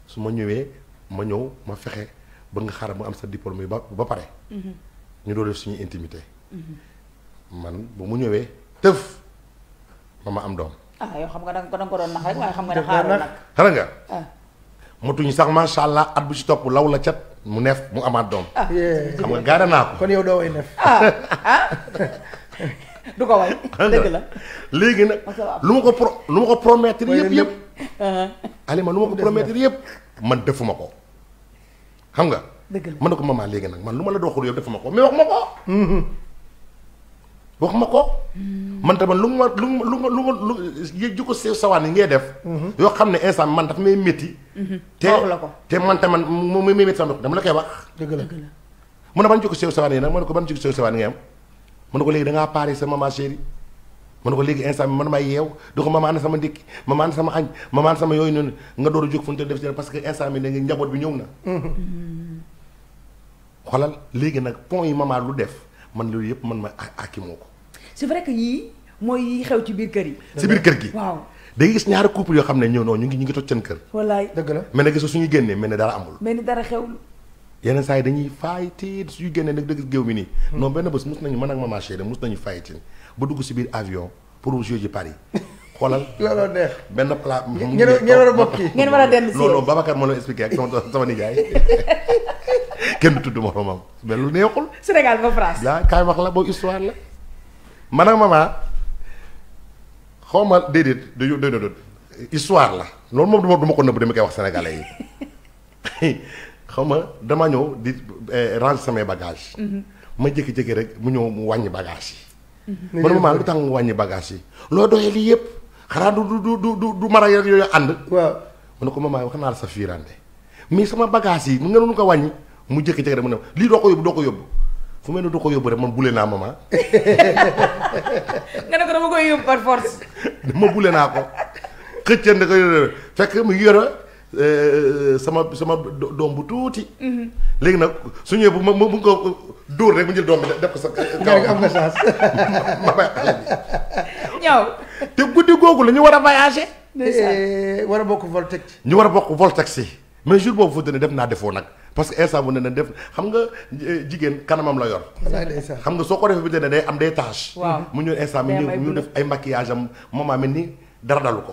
su ma ñëwee ma ñëw ma fexe ba nga xaaral ma am sa diplôme yi ba ba pare. Mm-hmm. ñu doon def suñuy intimité. Mm-hmm. man ba mu ñëwee tëf mama am doom. ah nga da nga ah. sax macha allah at bu ci topp law la cat mu neef mu amaat doom. Ah. xam nga gaare naa ko. du ko way deug la légui nak luma ko luma ko promettre yépp yépp alima luma ko promettre yépp man defuma ko xam nga deug la man mama légui nak man luma la doxul yow defuma ko mais wax mako mhm. mhm. man tam luma luma luma luma jikko sew sawani ngay def mhm. yo xamne instant man daf may metti té té man tam mo may metti sama dama la koy wax deug la mu na ban jikko sew sawani nak man ban jikko sew ma ne ko léegi dangaa ngaa pare sa maman chérie ma ko léegi instant bi man may yeew di ko maman na sama ndékki maman na sama añ maman na sama yooyu noonu nga door a jóg fu ñu def seen parce que instant bi da nga njaboot bi ñëw mm-hmm. léegi nag pont yi maman lu def man loolu yëpp man ma àkki moo ko. c'est que yii mooy yi ci biir kër yi. ci biir kër gi xam ne ñëw noonu ñu ngi ñu ngi toj seen kër. wallaay dëgg la mais nag gis suñu génnee mel ni dara amul. mel ni dara xewul. yenn saa yi dañuy fayti su génnee nag dëgg géew mi nii non benn bés mus nañu man ak mama chérie mus nañu fayti ba dugg si biir avion pour jouer ji Paris xoolal looloo benn plat ngeen war a bokk ngeen a dem si loolu Babacar moo la expliqué ak sama lu neexul Sénégal ba France laa wax la boobu histoire la man ak mama xaw ma déedéet histoire la loolu moom du ma ko nëbb dama koy wax sénégalais yi xawma dama ñëw di eh, range sama bagage mm-hmm. ma jékki-jékki rek mu ñëw mu wàññi bagage yi mm-hmm. man ma lu tax mu wàññi bagage yi loo doyee li yëpp xanaa du du du du du mara yooyu ànd waaw mu ne ko maman wax naa la sa fiirande mais sama bagage yi mu ngeen ko wàññi mu jékki-jékki rek mu ne lii doo ko yóbbu doo ko yóbbu fu mel ni du ko yóbbu rek man bule naa mama. nga ne ko dama koy yóbbu par force dama bule naa ko xëccante ko fekk mu yore Eh, sama sama doom bu tuuti. léegi nag su ñëwee bu ma mu ko dóor rek mu jël doom bi def ko sa. kaw am nga ma bàyyi xale bi. ñëw. te guddi googu la ñu war a voyager. Eh, war a bokk Voltex. ñu war a bokk Voltex yi mais jour boobu foog ne def naa defoo nag parce que instant bu ne ne def xam nga eh, jigéen kanamam la yor. xam nga soo ko defee bu ne day am des taches. mu ñëw instant bi ñu def ay maquillage am moment mel ni dara dalu ko.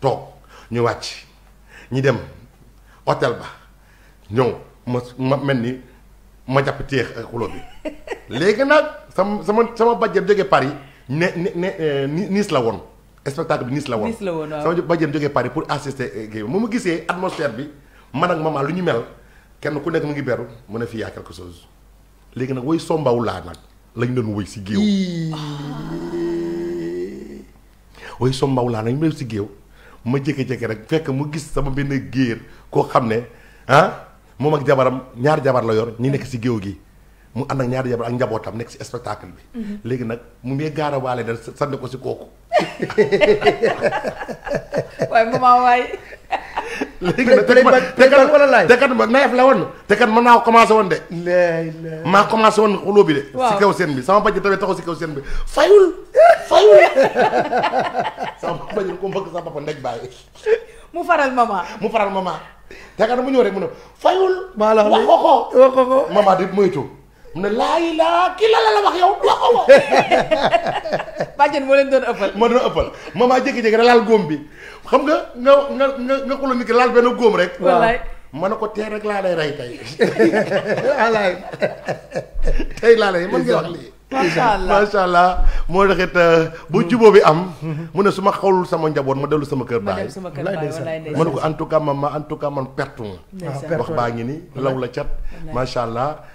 toog ñu wàcc ñu dem otel ba ñëw ma ma mel ni ma jàpp téex ak xulo bi léegi nag sama sama sama bàjjen jógee Paris ne ne ne euh, Nice la woon spectacle bi Nice la woon. Nice la woon sama bàjjen jógee Paris pour assister euh, kii bi mu gisee atmosphère bi man ak maman lu ñu mel kenn ku nekk mu ngi beru mu ne fii yaa quelque chose léegi nag woy sombawu laa nag lañ doon woy si géew. woy sombawu laa nag ñu doon si géew. ma jékki-jékki rek fekk mu gis sama benn géer koo xam ne ah moom ak jabaram ñaari jabar la yor ñu nekk si géew gi mu ànd ak ñaari jabar ak njabootam nekk si spectacle bi. Mhm. léegi nag mu ngi gaara waale dal sànni ko si kooku. waaye maman waay. léegi nag te kat wala laay te la woon te kat mën naa commencé woon de maa commencé woon xuloo bi de si kaw seen bi sama bàjj tamit taxaw si kaw seen bi fayul fayul sama bàjj ko mbëgg sa papa ndeg bàyyi mu faral mama mu faral mama te kat mu ñëw rek mu ne fayul wax ko ko wax ko ko mama di mu ne laa ilaa kii la la la wax yow wax ko wax. bàjjen moo leen doon ëppal. moo doon ëppal maman jékki-jékki da laal góom bi xam nga nga nga nga nga xuloo nit ki laal benn góom rek. wallaay mën na ko teel rek laa lay rey tey. wallaay tey laa lay mën nga wax lii. macha allah macha allah moo taxit euh, bu jubóo bi am. mu ne su ma xawlul sama njaboot ma dellu sama kër baay. ma ne ko en tout cas man ma en tout cas man pertu wax baa ngi ni law la cat macha allah.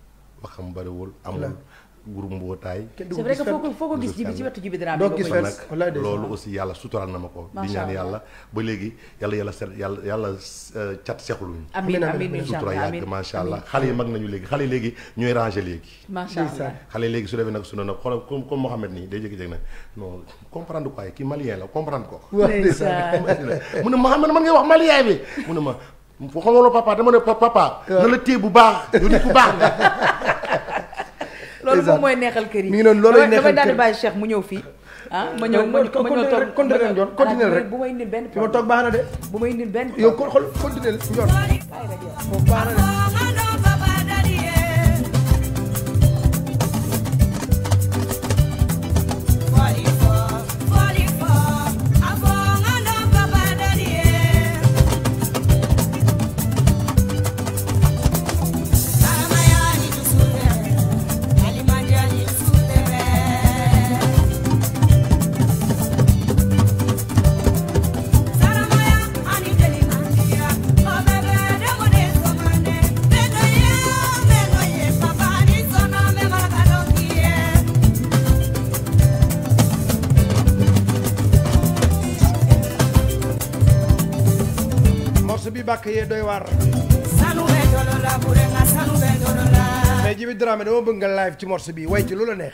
ba xam bariwul amul groupe mbootaay c'est vrai que foo ko foo ko gis jibi ci wetu jibi dara doo gis nag loolu aussi yàlla sutural na ma ko di ñaan yàlla ba léegi yàlla yàlla set yàlla yàlla euh, cat sexluñu amiin amiin sutura yàgg macha allah xale yi mag nañu léegi xale léegi ñooy rangé léegi xale léegi su defee nag su ne nag comme comme Mohamed nii day jékki-jékki nag non comprendre quoi kii malien la comprendre ko mu ne Mohamed man ngay wax malien bi mu ne ma foo xamaloon papa dama ne papa na la téye bu baax yow nit ku loolu moom mooy neexal kër yi mi ngi noonu loolay neexal kër damay daal di bàyyi Cheikh mu ñëw fii ah ma ñëw ma ñëw toog continuer rek continuer rek bu may indil benn fi ma toog baax na de bu may indil benn yow kon xool continuer njoon baax na de doy waar. mais Djiby Dramé dama bëgg nga live ci morceau bi way ci lu la neex.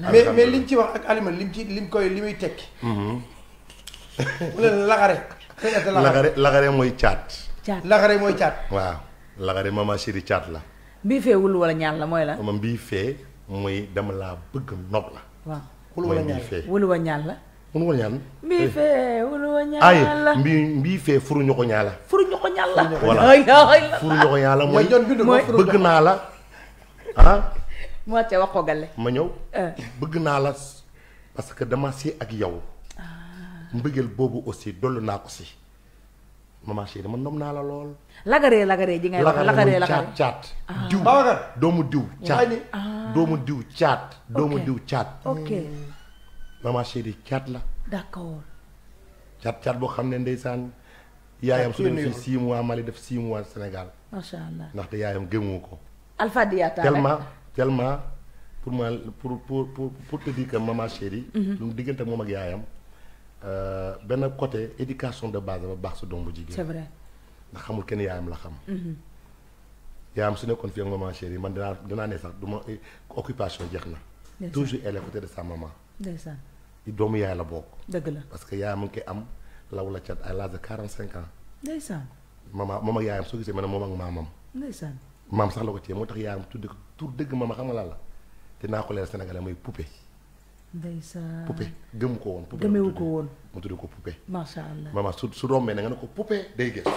mais mais liñ ci wax ak alima lim ci lim koy li muy tekki. mu mm-hmm. laxare. laxare mooy caat. caat laxare mooy caat. waaw laxare mama chéri caat la. mbii fee wul wala ñaan la mooy la. mbii fee mooy dama laa bëgg nopp la. waaw wul wala ñaan wul mbii fee wul wala ñaan la eh. ay mbii mbii ñaan la. furuñu ko ñaan la. voilà furuñu ko ñaan la mooy. bëgg naa la ah? mu wàcce wax ko gale ma ñëw euh. bëgg naa la parce que dama si ak yow ah. mbëggeel boobu aussi dollu naa ko si maman chérie man nom naa la lool lagaree lagaree ji ngay wax lagaree lagaree caat caat ah. diw ah. doomu diw caat doomu diw caat doomu diw caat ok hmm. maman chérie caat la d'accord caat caat boo xam ne ndeysaan yaayam su dee fii six Mali def six mois Sénégal macha allah ndaxte yaayam gëmu ko alpha diatta tellement tellement pour moi pour pour pour pour te dire que maman chérie. nous mhm. mu diggante moom ak yaayam euh, benn côté éducation de base dafa baax sa doom bu jigéen. c'est vrai ndax xamul kenn yaayam la xam. Mhm. yaayam su nekkoon fii ak maman chérie man dinaa dinaa né sax duma occupation jeex toujours elle est côté de sa maman. il doomu yaay la bokk. deug la parce que yaayam mu ngi am law la chat à l'âge de 45 ans. ndeysaan maman moom ak yaayam soo gisee ma ne moom ak maamam. ndeysaan mam sax la ko cee motax tax yaayam tur dëgg ma ma xam nga lan la te naa ko leer Sénégalais mooy poupée. ndeysaan poupée gëm ko woon. gëmewu ko woon mu tudd ko poupée. macha allah maman su su rombee na nga ne ko poupée day gëstu.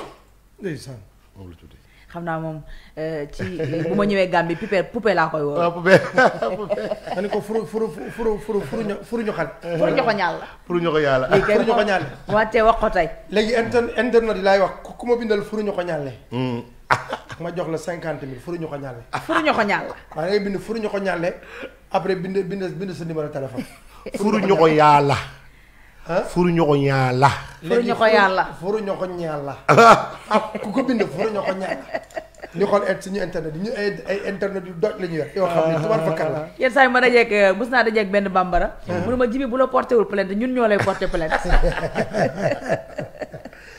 ndeysaan moom la tuddee. xam naa moom euh, ci bu ma ñëwee Gambie poupée poupée laa koy woo. waaw ah, poupée poupée. ma ne ko furu furu furu furu furu ño furu ñoxal. furu ñoxo ñaal la. furu ñoxo ñaal la furu ñoxo ñaal la. wax ko tey. léegi inter internet yi laay wax ku ma bindal furu ñoxo ñaal ma jox la cinquante mille furu ñu ko ñàlle. furu ñu ko ñàlle. waaw ñu ko ñàlle après bind bind bind sa numéro téléphone. furu ñu ko yàlla. furu ñoo ko ñaala. furu ñoo ko yàlla furu ñoo ko ñaala. ku ko bind furu ñoo ko ñaala. ñu internet ñu ay ay internet yu doj la ñu yor. yoo xam ne tubaab fakkan ma dajeeg euh, mos naa dajeeg benn bambara. mu ma jibi bu la porté plainte ñun ñoo lay porté plainte.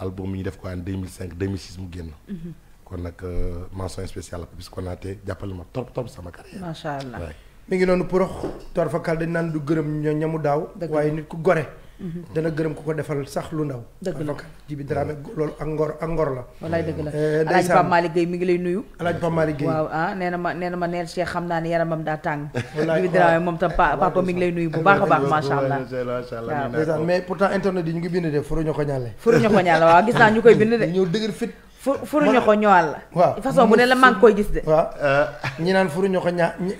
album yi ñu def ko en 2005 2006 mu génn. Mhm. kon nag euh, mention spéciale parce que Konaté jàppale ma trop trop sama carrière. macha allah mi ngi noonu pour torfakal dañ naan du gërëm ña ñamu daaw. waaye nit ku gore. Mhm. dana gërëm ku ko defal sax lu ndaw. dëgg la Djiby Dramé loolu ak ngor ak ngor la. walaay dëgg la eh, alaaj Pape Malick Guèye mi ngi lay nuyu. alaaj Pape Malick waaw ah nee na ma nee na ma neel Cheikh xam naa ne yaramam daa tàng. walaay Djiby Dramé moom tam papa mi ngi lay nuyu bu baax a baax macha allah. waaw mais pourtant internet yi ngi bind de furu ñu ko ñaale. furu ñu ko gis naa ñu koy bind de. ñëw dëgër fit. fu furu ñu ko la. waaw façon bu ne la maa ngi koy gis de. waaw euh. ñi naan furu ñu ko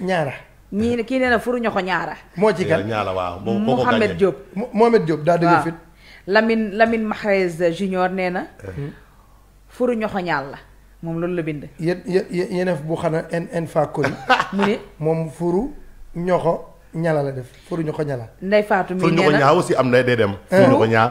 ñaara ñii ne kii nee na furu ñoxo ñaara. moo ci kan ñaara waaw moo moo ko Mouhamed Diop. Mouhamed Diop daa dëgg fit. Lamine Lamine Mahrez junior nee na. Eh. furu ñoxo ñaal la moom loolu la bind. yéen yéen bu xanaa en en faakori. mu moom furu ñoxo ñala la def furu ñoxo ñala. Ndeye Fatou furu ñoxo ñaa aussi am na day dem. Eh. furu ñoxo ñaa.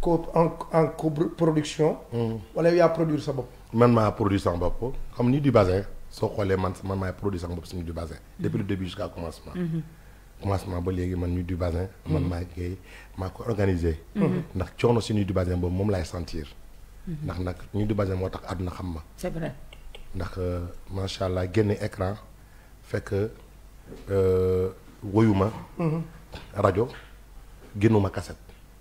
co en en coproduction. Hmm. wala yaa produire sa bopp. man maa produire sama bopp xam ni du bazin soo xoolee man man ma produire sama bopp suñu du bazin. Hmm. depuis le début jusqu'à commencement. Hmm. commencement ba léegi man ñu du bazin. man maa koy maa ko organisé. ndax coono si ñu du bazin boobu moom sentir. ndax nag ñu du bazin moo tax àdduna xam ma. c'est vrai. ndax euh, macha allah génne écran fekk euh, woyuma. rajo génnuma cassette.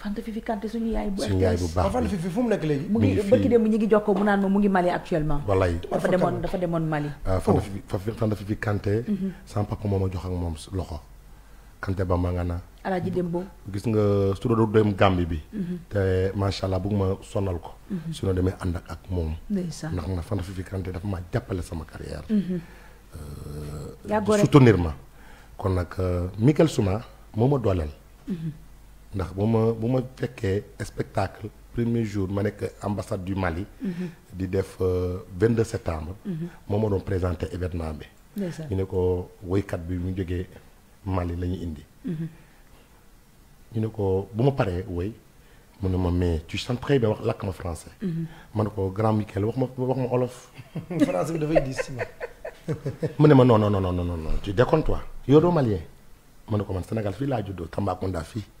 Fanta Fifi Kanté suñu yaay bu RTS ah, Fanta Fifi fu mu nekk léegi. mu ngi bëkki dem ñu ngi jokkoo mu naan ma mu ngi Mali actuellement. wallaay dafa demoon dafa demoon Mali. Ah, Fanta oh. Fifi Fanta mhm. sama papa moom a jox ak moom loxo. Kanté ba ma nga na. alaaji Dembo. gis nga su doon dem Gambie bi. Mhm. te macha allah bëgg ma sonal ko. Mhm. su ñu demee ànd ak ak moom. ndeysaan ndax na Fanta Fifi Kanté dafa maa jàppale sama carrière. Euh, yaa gore ma kon nag euh, Michael Souma moo ma dooleel. ndax buma buma bu spectacle premier jour ma nekk ambassade du Mali. Mhm. di def 22 euh, septembre. Mhm. moo ma présenter présenté événement bi. ñu ne ko woykat bi mu jógee Mali lañu indi. Mhm. ñu ne ko bu ma paree mu ne ma mais tu chantes très bien wax lakk ma français. ma ko grand Michel, wax ma wax ma olof. français bi dafay diis si ma. mu ne ma non non non non non tu déconnes toi yow doo malien ma ko man Sénégal fii laa juddoo Tambacounda fi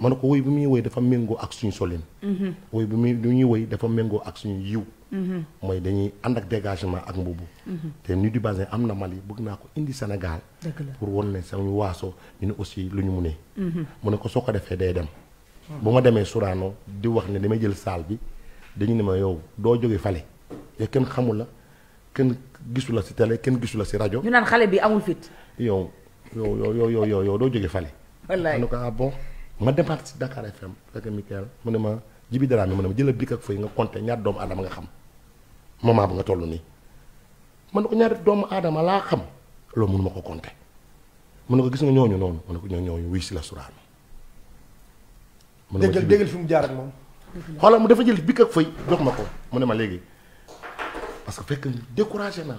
ma ne ko woy bi muy woy dafa méngoo ak suñu solin mm-hmm. woy bi muy bi ñuy woy dafa méngoo ak suñu yiw mm-hmm. mooy dañuy ànd ak dégagement ak mbubu mm-hmm. te nu du basin am na Mali bëgg naa ko indi Sénégal pour won ne sañu waaso ñu ne aussi lu ñu mu ne mu ne ko soo ko defee day dem bu ma demee Sorano di wax ne damay jël saal bi dañu ne ma yow doo jóge fale te kenn xamul kenn gisu la si télé kenn gisu la si rajo ñu naan xale bi amul fit yow yow yow yow yow yow doo jóge fale ma départ ci Dakar FM rek Michael mu ma jibi dara mi mu ne ma jëlal bic ak fay nga conté ñaar doom adam nga xam mama bu nga tollu ni ma ko ñaar doom adam la xam lo mënuma ko conté mu ko gis nga ñooñu non mu ne ko ñooñu wi ci la suraanu mu ne ma mu jaar ak mom xolam dafa jël bik ak fay jox ma ko ma parce que fekk découragé na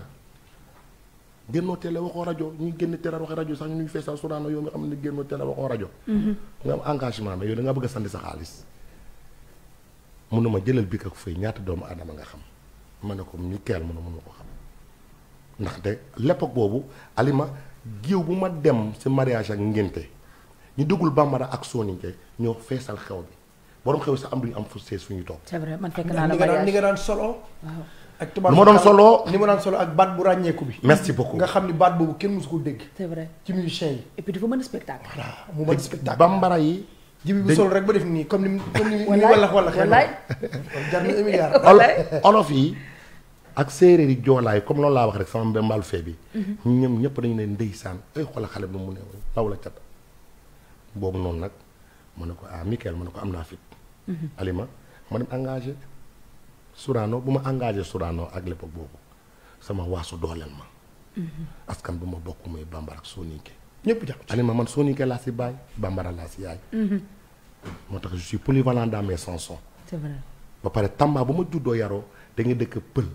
génnoo télé waxoo rajo ñuy génn télé wax rajo sax ñu ñuy feesal suraano yow nga xam ne génnoo télé waxoo rajo mm-hmm. nga am engagement mais yow da nga bëgg a sandi sa xaalis mënuma jëlal bi ak fay ñaata doomu aadama nga xam ma ne ko ñu teel mënu ko xam ndaxte l'époque boobu alima géew bu ma dem si mariage ak ngénte ñu duggul bambara ak soninke ñoo feesal xew bi borom xew sax am duñu am fu sees fu ñu toog. c'est man fekk naa la solo. ak tubaab lu ma doon solo ni ma daan solo ak baat bu ràññeeku bi. merci beaucoup nga xam ni baat boobu kenn musu ko dégg. c'est vrai ci musicien yi. et puis dafa mën spectacle. voilà mu yi. jibi bu solo rek ba def nii comme ni comme ni walax walax. wallaay jar na milliard. yi ak séeréer yi joolaay comme loolu laa wax rek sama mbaalu fee bi. Mm-hmm. ñëpp dañu ne ndeysaan ay xoola xale bi mu ne law la cat. boobu noonu nag mu ne ko ah Michael mu ne ko am naa fit. Mm-hmm. Alima ma dem engagé. Sorano buma engagé Sorano ak l'époque bobu sama wasu dooleel ma. hmm askan buma ma bokk muy bambara ak Soninke. ñëpp jàpp ci ma man Soninke la ci bay bambara la ci yaay. hmm motax je suis polyvalent dans mes chansons. c'est vrai ba paré Tamba buma ma yaro yaroo da nga dëkk pël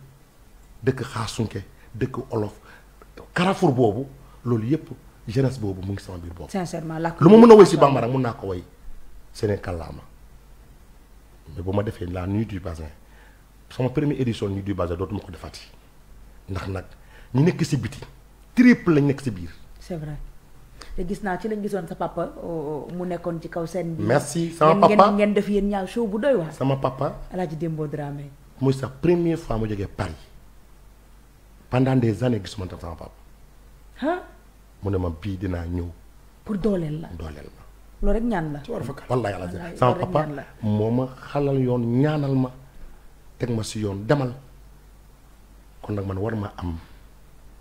dëkk xaasunke dëkk olof carrefour bobu loolu yépp jeunesse bobu mu ngi sama bir boobu. sincèrement lu ma mën a woy si bambara mëna ko woy Sénégal laa ma mais buma défé la nuit du bazin sama première édition ñu du basé dootuma ko defati ndax nag ñu nekk si biti triple lañ nekk si biir. c'est vrai te gis naa ci lañ gisoon sa papa euh, mu nekkoon ci kaw seen. bi merci sama papa ngeen def yéen ñaar show bu doy waar. sama papa Alaaji Dembo Dramé. muy sa première fois mu jógee Paris pendant des années gisuma tam sama papa. ah. mu ne ma bii dinaa ñëw. pour dooleel la dooleel la. loolu rek ñaan la. ci war a fa sama papa moo ma xalal yoon ñaanal ma. teg ma si yoon demal kon nag man war ma am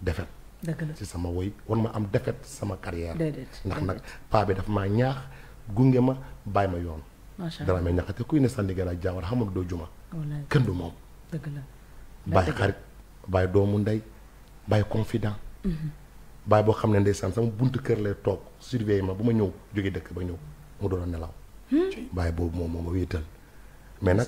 defet ci sama woy war ma am defet sama carrière ndax nag paa bi dafa maa ñaax gunge ma baay ma yoon dara may ñaxate kuy ne sànni gën ak jaawar xamul doo juma kenn du moom bàyyi xarit bàyyi doomu ndey bàyyi confident mhm. bàyyi boo xam ne ndeysaan sama buntu kër lay toog surveiller ma bu ma ñëw jóge dëkk ba ñëw mu doon nelaw hmm? bàyyi boobu moom moo ma wéetal mais nag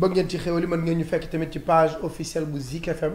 bëgg ngeen ci xéwal page officielle bu FM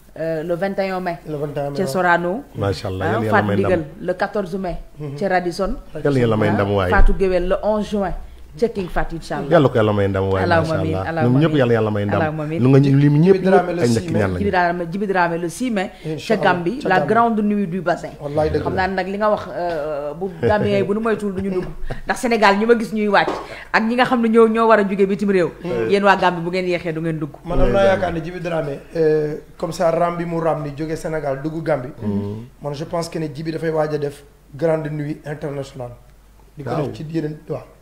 Euh, le 21 mai. Chez Sorano. Ah, may le 14 mai. Mhm. Chez Radisson. Fatou Guewel le 11 juin. checking fat incha allah yàlla ko yàlla may ndam waaye macha allah ñoom ñëpp yàlla yàlla may ndam lu nga lim ñëpp ay njëkk ñaan lañu Djiby Dramé le 6 mai ca Gambie la grande nuit du bassin xam naa nag li nga wax euh, bu Gambien bu nu moytuwul du ñu dugg ndax Sénégal ñi ma gis ñuy wàcc ak ñi nga xam ne ñoo ñoo war a bi bitim réew yéen waa Gambie bu ngeen yeexee du ngeen dugg man am naa yaakaar ne Djiby Dramé euh, comme ça ram bi mu ram ni dugg Gambie mm-hmm. man pense que ne Djiby dafay waaj a def grande nuit internationale di ko def ci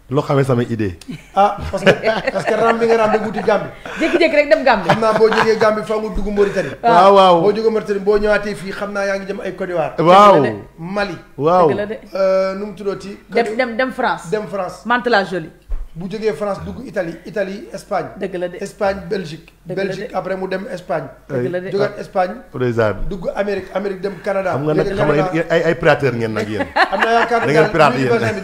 loo xamee sama idée. ah parce que ram bi nga ram bi wuti Gambie. jékki-jékki rek dem Gambie. xam naa boo jógee Gambie faa nga dugg Mauritanie. Ah. waaw waaw boo jógee Mauritanie boo ñëwaatee fii xam naa yaa ngi jëm ay Côte d'Ivoire. waaw Mali. waaw euh, nu mu tuddoo ci. dem dem France. dem France Mantes-la-Jolie. bu jógee France dugg Italie Italie Espagne. dëgg la de Espagne Belgique. Belgique après mu dem Espagne. dëgg la de jógaat Espagne. dugg Amérique Amérique dem Canada. xam nga nag xam nga ay ay pirateur ngeen nag yéen.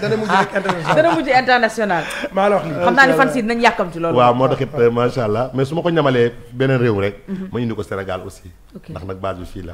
dana mujj international. dana mujj international. maa la wax lii xam naa ne fan si nañ yàkkam loolu. waaw moo taxit euh, macha allah mais su ma ko ñamalee beneen réew rek. Mhm. ma indi ko Sénégal aussi. ndax nag base bi fii la.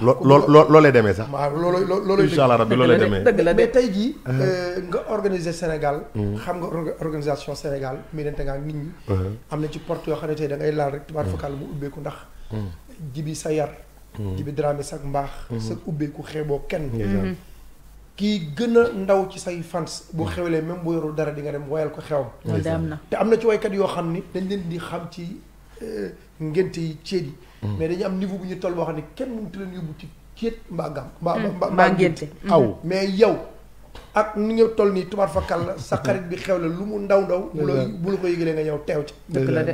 loo loo loolee demee sax. waaw looloo looloo mais tey jii. Euh, nga organiser Sénégal. xam nga organisation Sénégal mi dente nga nit ñi. am na ci porte yoo xam ne tey da ngay laal rek. tubaab fakal mu ubbeeku ndax. jibi sa yar. jibi dramé sax mbaax. sa ubbeeku xeeboo kenn. kii gën a ndaw ci say fans. bu xewlee même bu yorul dara di nga dem woyal ko xewam. te am na ci waykat yoo xam ni dañ leen di xam ci euh, ngénte yi ceet yi. mais dañu am niveau bu ñu toll boo xam ne kenn mënut leen yóbbu ci kéet mbaa gàmm. mbaa mbaa ngénte mm-hmm. aw mais yow. ak ni ñu toll nii tubaar fakkal la sa xarit bi xew la lu mu ndaw ndaw bu la bu la ko nga ñëw teew ci dëgg la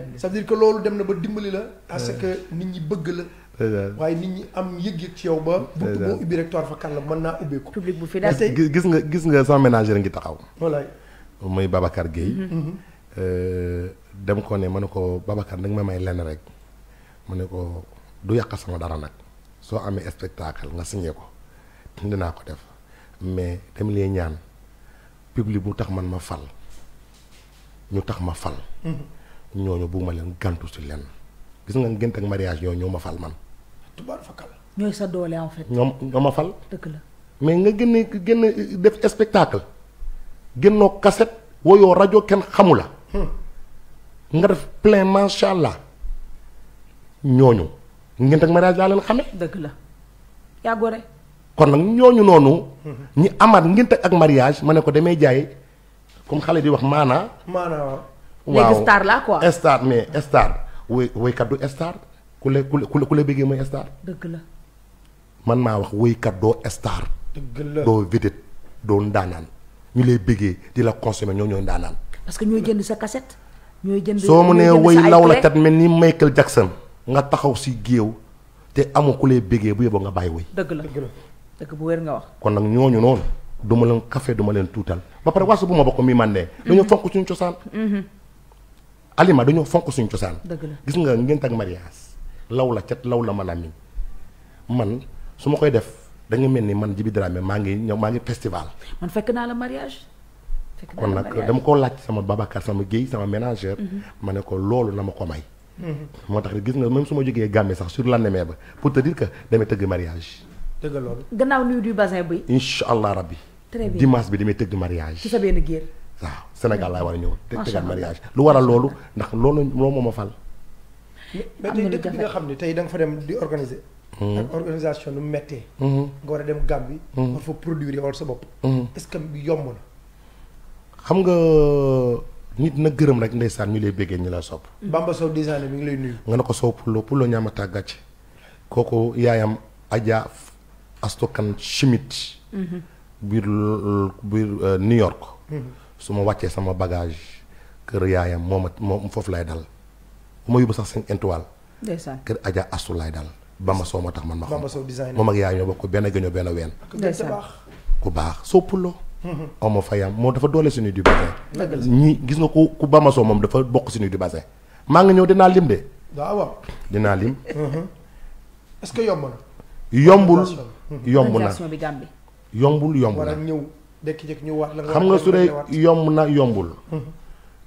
que loolu dem na ba dimbali la parce que nit ñi bëgg la waaye nit am yëg-yëg ci yow ba bunt boo ubbi rek la mën naa ubbee ko bu fi daal gis nga gis nga sama ménagère ngi taxaw wallaay muy Babacar Gueye mm-hmm. euh, dem ko ne ma ne ko Babacar da ma may lenn rek mu ne ko du yàq sama dara nag soo amee spectacle nga signé ko dinaa ko def mais dama lay ñaan public bu tax man ma fal ñu tax ma fal. Mm-hmm. ñooñu bu ma leen gàntu si lenn gis nga ngént ak mariage ñooñu ñoo ma fal man. tubaab fa kal ñooy ñoom ñoo ma fal. mais nga génne génn def spectacle génnoo kaset woyoo rajo kenn xamu la. Hmm. nga def plein macha allah. ñooñu ngeen ak mariage laa leen xame dëgg la yaa kon nag ñooñu noonu. ñi amaat ngént ak mariage ma ne ko damay jaay comme xale di wax maanaa. maanaa waaw. léegi star la mais star. woy woykat du star ku la ku la ku la bëggee mooy star. dëgg man maa wax woykat doo star. dëgg la doo vedette doo ndaanaan ñu lay bëggee di la consommer ñoo ñooy ndaanaan. parce que ñooy jënd sa cassette. ñooy soo mu nee woy law la mel ni Michael Jackson. nga taxaw si géew te amoo ku lay bégee bu yóbboo nga bàyyi woy dëgg la dëgg bu wér nga wax. kon nag ñooñu noonu du ma leen café duma leen tuutal ba pare waasu bu ma bokk mii man ne. Mhm. dañoo fonk suñu cosaan. Mhm. aliment dañoo fonk suñu cosaan. dëgg gis nga ngént ak mariage law la cat law la ma làmmiñ man su ma koy def da mel ni man Djiby Dramé maa ngi ñëw maa ngi festival. man fekk naa la mariage. kon nag dama koo laaj sama Babacar sama Guèye sama ménagère. Mhm. ma ne ko loolu na ma ko moo tax gis nga même su ma jógee Gambie sax sur lendemain ba pour te dire que damay tëgg mariage. dëgg loolu gannaaw nuyu du bassin bi. incha allah rabbi. très bien bi damay tëgg mariage. ci sa benn Sénégal laay war a ñëw. te tëggaat mariage lu a loolu ndax loolu loolu moo ma fal. mais dëkk bi xam ne tey da nga fa dem di organiser. Hmm. ak organisation nu méttee. Hmm. nga war a dem Gambie. war hmm. fa produire wala sa bopp. est que yomb na. xam nga. nit na gërëm rek ndeysaan ñu lay béggee ñu la sopp Bamba Sow design bi ngi lay nuyu. nga ne ko Sow Poulo Poulo ñaama tàggàcc kooku yaayam Adja Astokan Chimit. biir biir euh, New York. su ma wàccee sama bagage kër yaayam moom moom foofu lay dal bu ma yóbbu sax cinq étoiles. ndeysaan kër Adja Astou lay dal. Bamba Sow ma tax man ma xam Bamba Sow design moom ak yaay ñoo bokk benn gëñoo benn ween. ku baax ku baax aw fa fayam moo dafa doole suñu du bassin ñi gis nga ko ku bamasoo moom dafa bokk suñu di bassin maa ngi ñëw dinaa lim de dinaa lim mhm. ce que yomb na yombul yombul yomb na dékki-jékki ñëw waat xam nga su dee yomb na yombul mhm.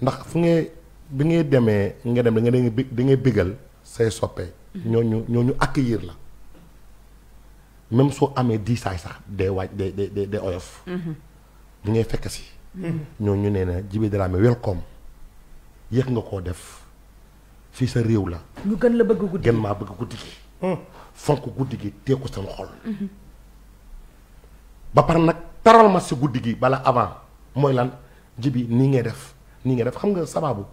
ndax fu ngay bi ngay demee nga dem da nga da ngay bégal say soppe mhm. ñooñu ñooñu accueillir la même soo amee diisaay sax day waaj day day day oyof ñu ngay fekk si ñoo ñu nee na jibi dalaame welcome yéex nga koo def fii sa réew la ñu gën la bëgg guddi gën maa bëgg guddi gi hmm. fonk guddi gi seen xol ba nag taral ma si guddi gi bala avant mooy lan jibi nii ngay def nii ngay def xam nga sababu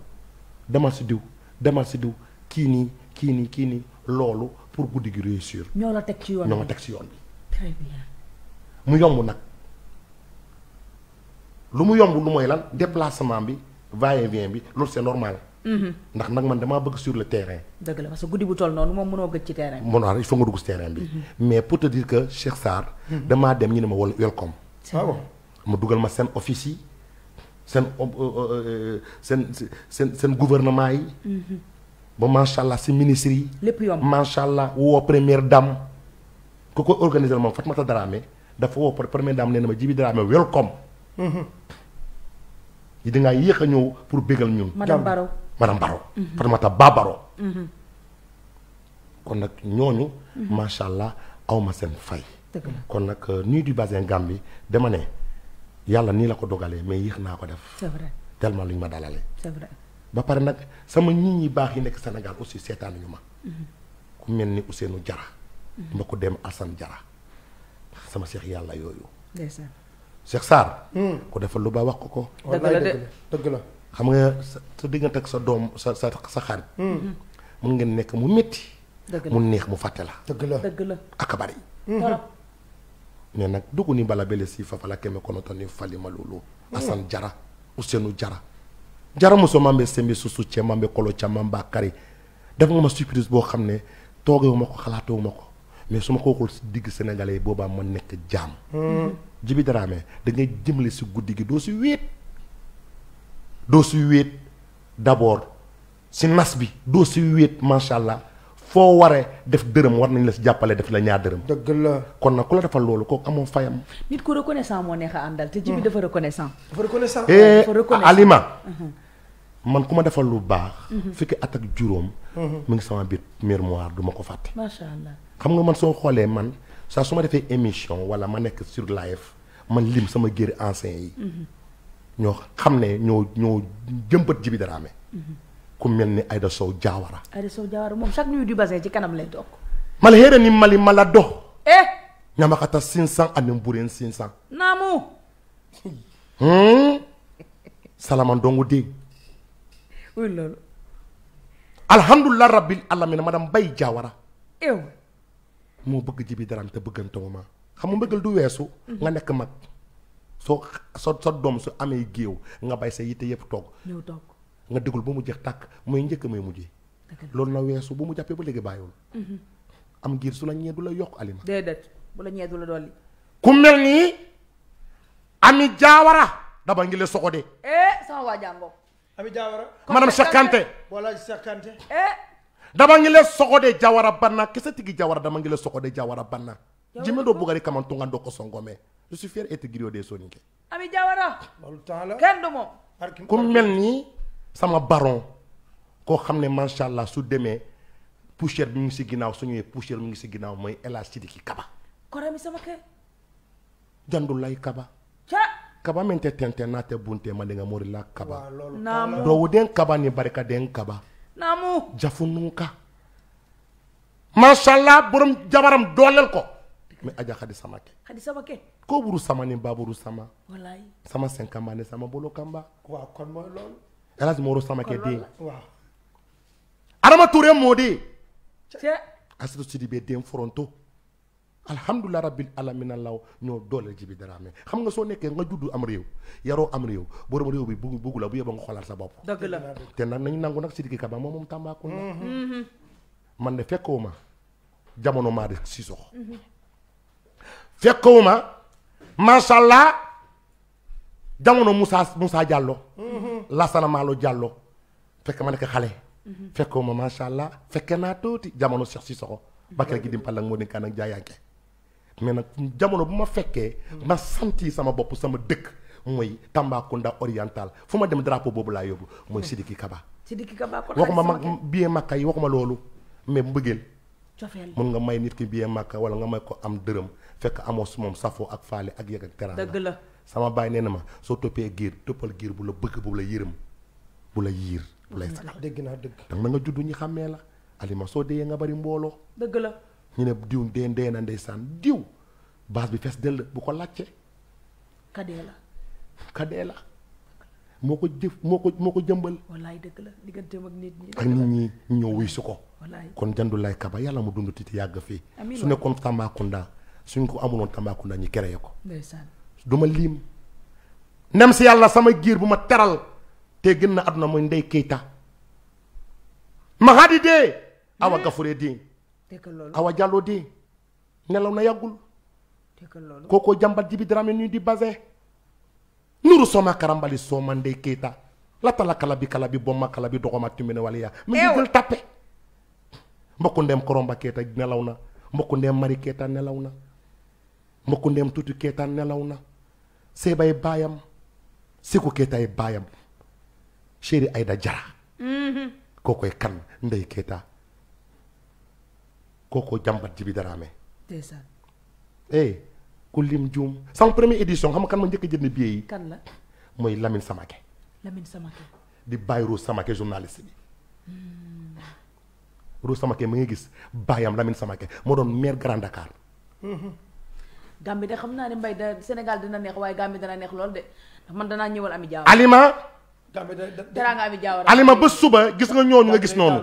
demal si diw demal si diw kii nii kii nii kii nii loolu pour guddi gi réussir ñoo la teg ci yoon ñoo ci yoon bi très bien mu yomb nag lu mu yomb lu moy lan déplacement bi va et vient bi loolu c'est normal. Mhm. ndax nak man dama bëgg sur le terrain. deug la parce que goudi bu toll non moom mënoo gëj ci terrain bi. mënoo il faut nga dugg ci terrain bi. Mhm. mais pour te dire que Cheikh sar mhm. dama dem ñu ne ma wala welcome. waaw ah mu dugal ma sen office yi sen sen sen seen gouvernement yi. ba macha allah ministre yi. lépp allah première dame. ko ko organiser moom Fatmata Dramé dafa wo première dame nee na ma Djiby Dramé welcome. da ngaa yéex a ñëw pour bégal ñun. madame Baro madame Baro. Mhm. Fatumata Ba Baro. Mhm. kon nag ñooñu. Mhm. macha allah aw ma seen fay. kon nag euh, nuit du bassin Gambie dama ne yàlla nii la ko dogalee mais yéex naa ko def. c'est vrai tellement ma dalalee. ba pare nag sama nit ñi baax yi nekk senegal aussi seetaanuñu ma. ku mel ni Ousseynou Diarra. ma ko dem Assane Diarra sama seex yàlla yooyu. Cheikh Sarr. Hmm. ku defal lu ba wax ko ko. dëgg la xam nga sa diggante ak sa doom sa sa sa xarit. Hmm. mun ngeen nekk mu métti. mu neex mu fàtte la. dëgg la dëgg bari. Hmm. ne nag dugg ni bala bele si fafala keme kɔnɔtɔn ni fali ma lolo. Assane Jara seenu Jara. Jara musoman bɛ sembe susu ca bɛ kɔlɔ caman b'a kari daf nga ma surprise boo xam ne toogewuma ma ko xalaatewuma ko mais su ma ko waxul si digg Sénégalais yi boobaa ma nekk jaam. Djiby Dramé da ngay jëmale si guddi gi doo si wéet doo si wéet d'abord si nas bi doo si wéet macha allah foo waree def dërëm war nañ la si jàppale def la ñaar dërëm. dëgg la kon nag ku la defal loolu kooku amoo fayam. nit ko reconnaissant moo neex a àndal te Djiby hmm. dafa reconnaissant. dafa reconnaissant eh, dafa reconnaissant Alima. Uh-huh. man ku ma defal lu baax. Uh-huh. fukki at ak juróom. Uh-huh. mu ngi sama biir mémoire du ma ko fàtte. macha xam nga man soo xoolee man. saa su ma defee émission wala ma nekk sur live man lim sama géer ancien yi mm-hmm. ñoo xam ne ñoo ñoo jëmbat Djiby Dramé mm-hmm. ku mel ni Aïda Sow Diawara Aïda Sow Diawara moom chaque nuit du bassin ci kanam lay toog mala xéera ni mali mala do eh ñamakata sin san anin burin sin san naamu hmm? salaman dongu dég wuy loolu alhamdulilah rabbil alamina madame Baye Diawara ew eh moo bëgg Djiby Dramé te bëggante wu ma xam nga mbëggal du weesu. Mhm. nga nekk mag soo sa sa doom su amee géew nga bay sa yitte yëpp toog. nga déglu ba mu jeex tàkk muy njëkk muy mujj. loolu na weesu bu mu jàppee ba léegi bàyyiwul. Mhm. am ngir su la ñee du la yokk alima. déedéet bu la ñee du la dolli. ku mel nii ami jaawara daba ngi la soxode. eh sama waa jàngoo. ami soko de jawara banna kesetigi jawara soko de jawara banna jime do bugari kamantunga do kosongome je suis fier et grio de soninke ami jawara kendo mo ko melni sama baron ko xamne machallah su deme pusher bi ngi ci ginaaw suñu poussière mi ngi ci ginaaw moy elastique ki kaba korami sama ke jandulay kaba cha kaba mente tente nate bunte mori la kaba do woden kaba ni barika den kaba naamu jafu nunka masha allah borom jabaram dooleel ko mais aja xadi sama ke xadi sama ke ko buru sama ni baburu sama wallahi sama senkamba ne sama bolo kamba waaw kon mooy loolu elas moro sama ke den waaw adama touré moo de cɛ asidu sidi be den foronto alhamdulilah rabbil alamina law ñoo dooleel Djiby Dramé xam nga soo nekkee nga juddu am réew yaroo am réew borom réew bi bugg bugg la bu yeboo nga xoolaat sa bopp. dëgg la te nag nañu nangu nag Sidiki Kaba moom moom mm-hmm. Mm-hmm. man de fekkoo ma jamono maa de Sissoko. Mm-hmm. fekkoo ma macha jamono Moussa Moussa Diallo. Lassana Malo Diallo ma nekk xale. fekkoo ma macha allah fekke naa tuuti jamono Cheikh Sissoko. Bakary Gidim Pallang moo nekkaan ak jaayanke mais nag jamono bu ma fekkee ma santi sama bopp sama dëkk mooy Tambacounda oriental fu ma dem drapeau boobu laa yóbbu mooy hmm. Sidiki Kaba Sidiki Kaba kon waxuma ma biyee Makka yi waxuma loolu mais mbëggeel mun nga may nit ki biyee Makka wala nga may ko am dërëm fekk amoo su moom safoo ak faale ak yëg ak teraanga dëgg la sama baay nee na ma soo toppee giir toppal giir bu la bëgg bu la yërëm bu la yiir bu lay sagal dégg naa dëgg da nga judd ñu xàmmee la alima soo déyee nga bari mbooloo dëgg ñu ne diw dee dee na ndeysaan diw baas bi fees dell bu ko làcce kadee la kadee la moo ko jëf moo ko moo ko jëmbal wallaay dëgg ak ñi ñi ñëw wuy ko kon jandulaay kaba yàlla mu dund titi yàgg fii su nekkoon Tambacounda suñ ko amuloon Tambacounda ñu créé ko du ma liim nem si yàlla sama giir bu ma teral te gën na àdduna mooy ndey Keita ma xaddi dee awa eh? gafuree diin awa jàlloo dee nelaw na yàggul kookoo jàmbat ji bi dara ñuy di base nuru soma karambali soma ndey keyita latala kala bi kala bi bomma kala bi dogoma timmine waliya mi tàppe mbokku ndeem koromba keyita nelaw na mbokku ndeem mari keyita nelaw na mbokku ndeem tuuti keyita nelaw na seebay baayam siku keyita yi baayam chéri Aïda Diarra mm-hmm. kookoy kan ndey keyita kookoo jàmbat ji bi daraame. ndeysaan. eh ku lim juum sama première édition xam nga kan ma njëkk a jënd billet yi. kan la mooy Lamine Samake. Lamine Samake. di bàyyi Rose Samake journaliste bi. Hmm. Rose Samake ma ngi gis baayam Lamine Samake moo doon maire Grand Dakar. Gambie de xam naa ne mbay da Sénégal dina neex waaye Gambie dana neex lool de man danaa ñëwal Ami Diawara. Alima. Gambie da nga Ami Diawara. Alima ba suba gis nga ñooñu nga gis noonu.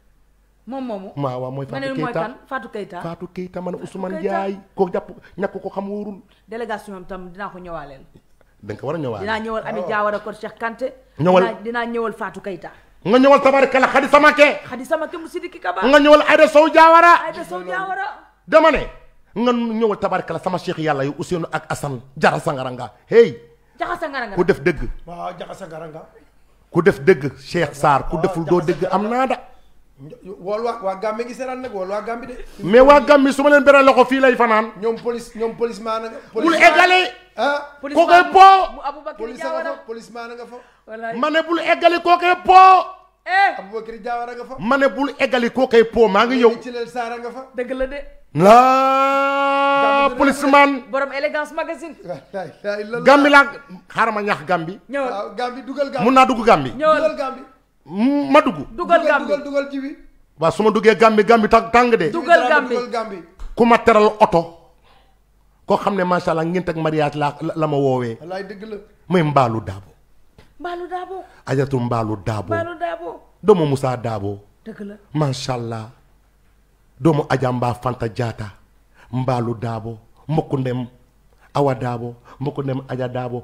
mom momu ma wa moy fatou keita fatou keita fatou keita man ousmane jaay ko japp ñak ko xam worul délégation tam dina ko ñewalel dang ko wara ñewal dina ñewal ami oh. jawara ko cheikh kanté dina ñewal fatou keita nga ñewal tabarakalla khadisa makke khadisa makke musidiki kaba nga ñewal aida sow jawara aida sow jawara dama ne nga ñewal sama cheikh yalla yu ousseynou ak assane jara sangaranga hey jara sangaranga ku def deug wa jara sangaranga ku def deug cheikh sar ku deful do deug amna da wool waa waa Gambie ngi seraan nag wool waa Gambie de. mais waa Gambie su ma leen beree loxo fii lay fanaan. ñoom police ñoom police maa na nga. bul eggale. ah police maa kookee po. police nga fa police maa na nga fa. walaay ma ne bul eggale kookee po. eh Aboubacry Diawara nga fa. ma ne bul eggale kookee po maa ngi yow. ci leen saara nga fa. dëgg la de. laa policeman. borom élégance magazine. Gambie laa xaaral ñax Gambie. ñëwal Gambie dugal Gambie. mun naa dugg Gambie. ñëwal dugal ma dugg. dugal dugal dugal ji su ma duggee Gambie gàmbi tàng de. dugal Gambie ku ma teral oto. koo xam ne macha allah ngént ak mariage la la ma woowee. wallaay dëgg la muy Mbaalu Daabo. Mbaalu ajatu Mbaalu Daabo. doomu Moussa Daabo. dëgg la macha allah. doomu Adja Mbaa Fanta Mbaalu Daabo mbokku ndem Awa Daabo. Mokundem Adja Daabo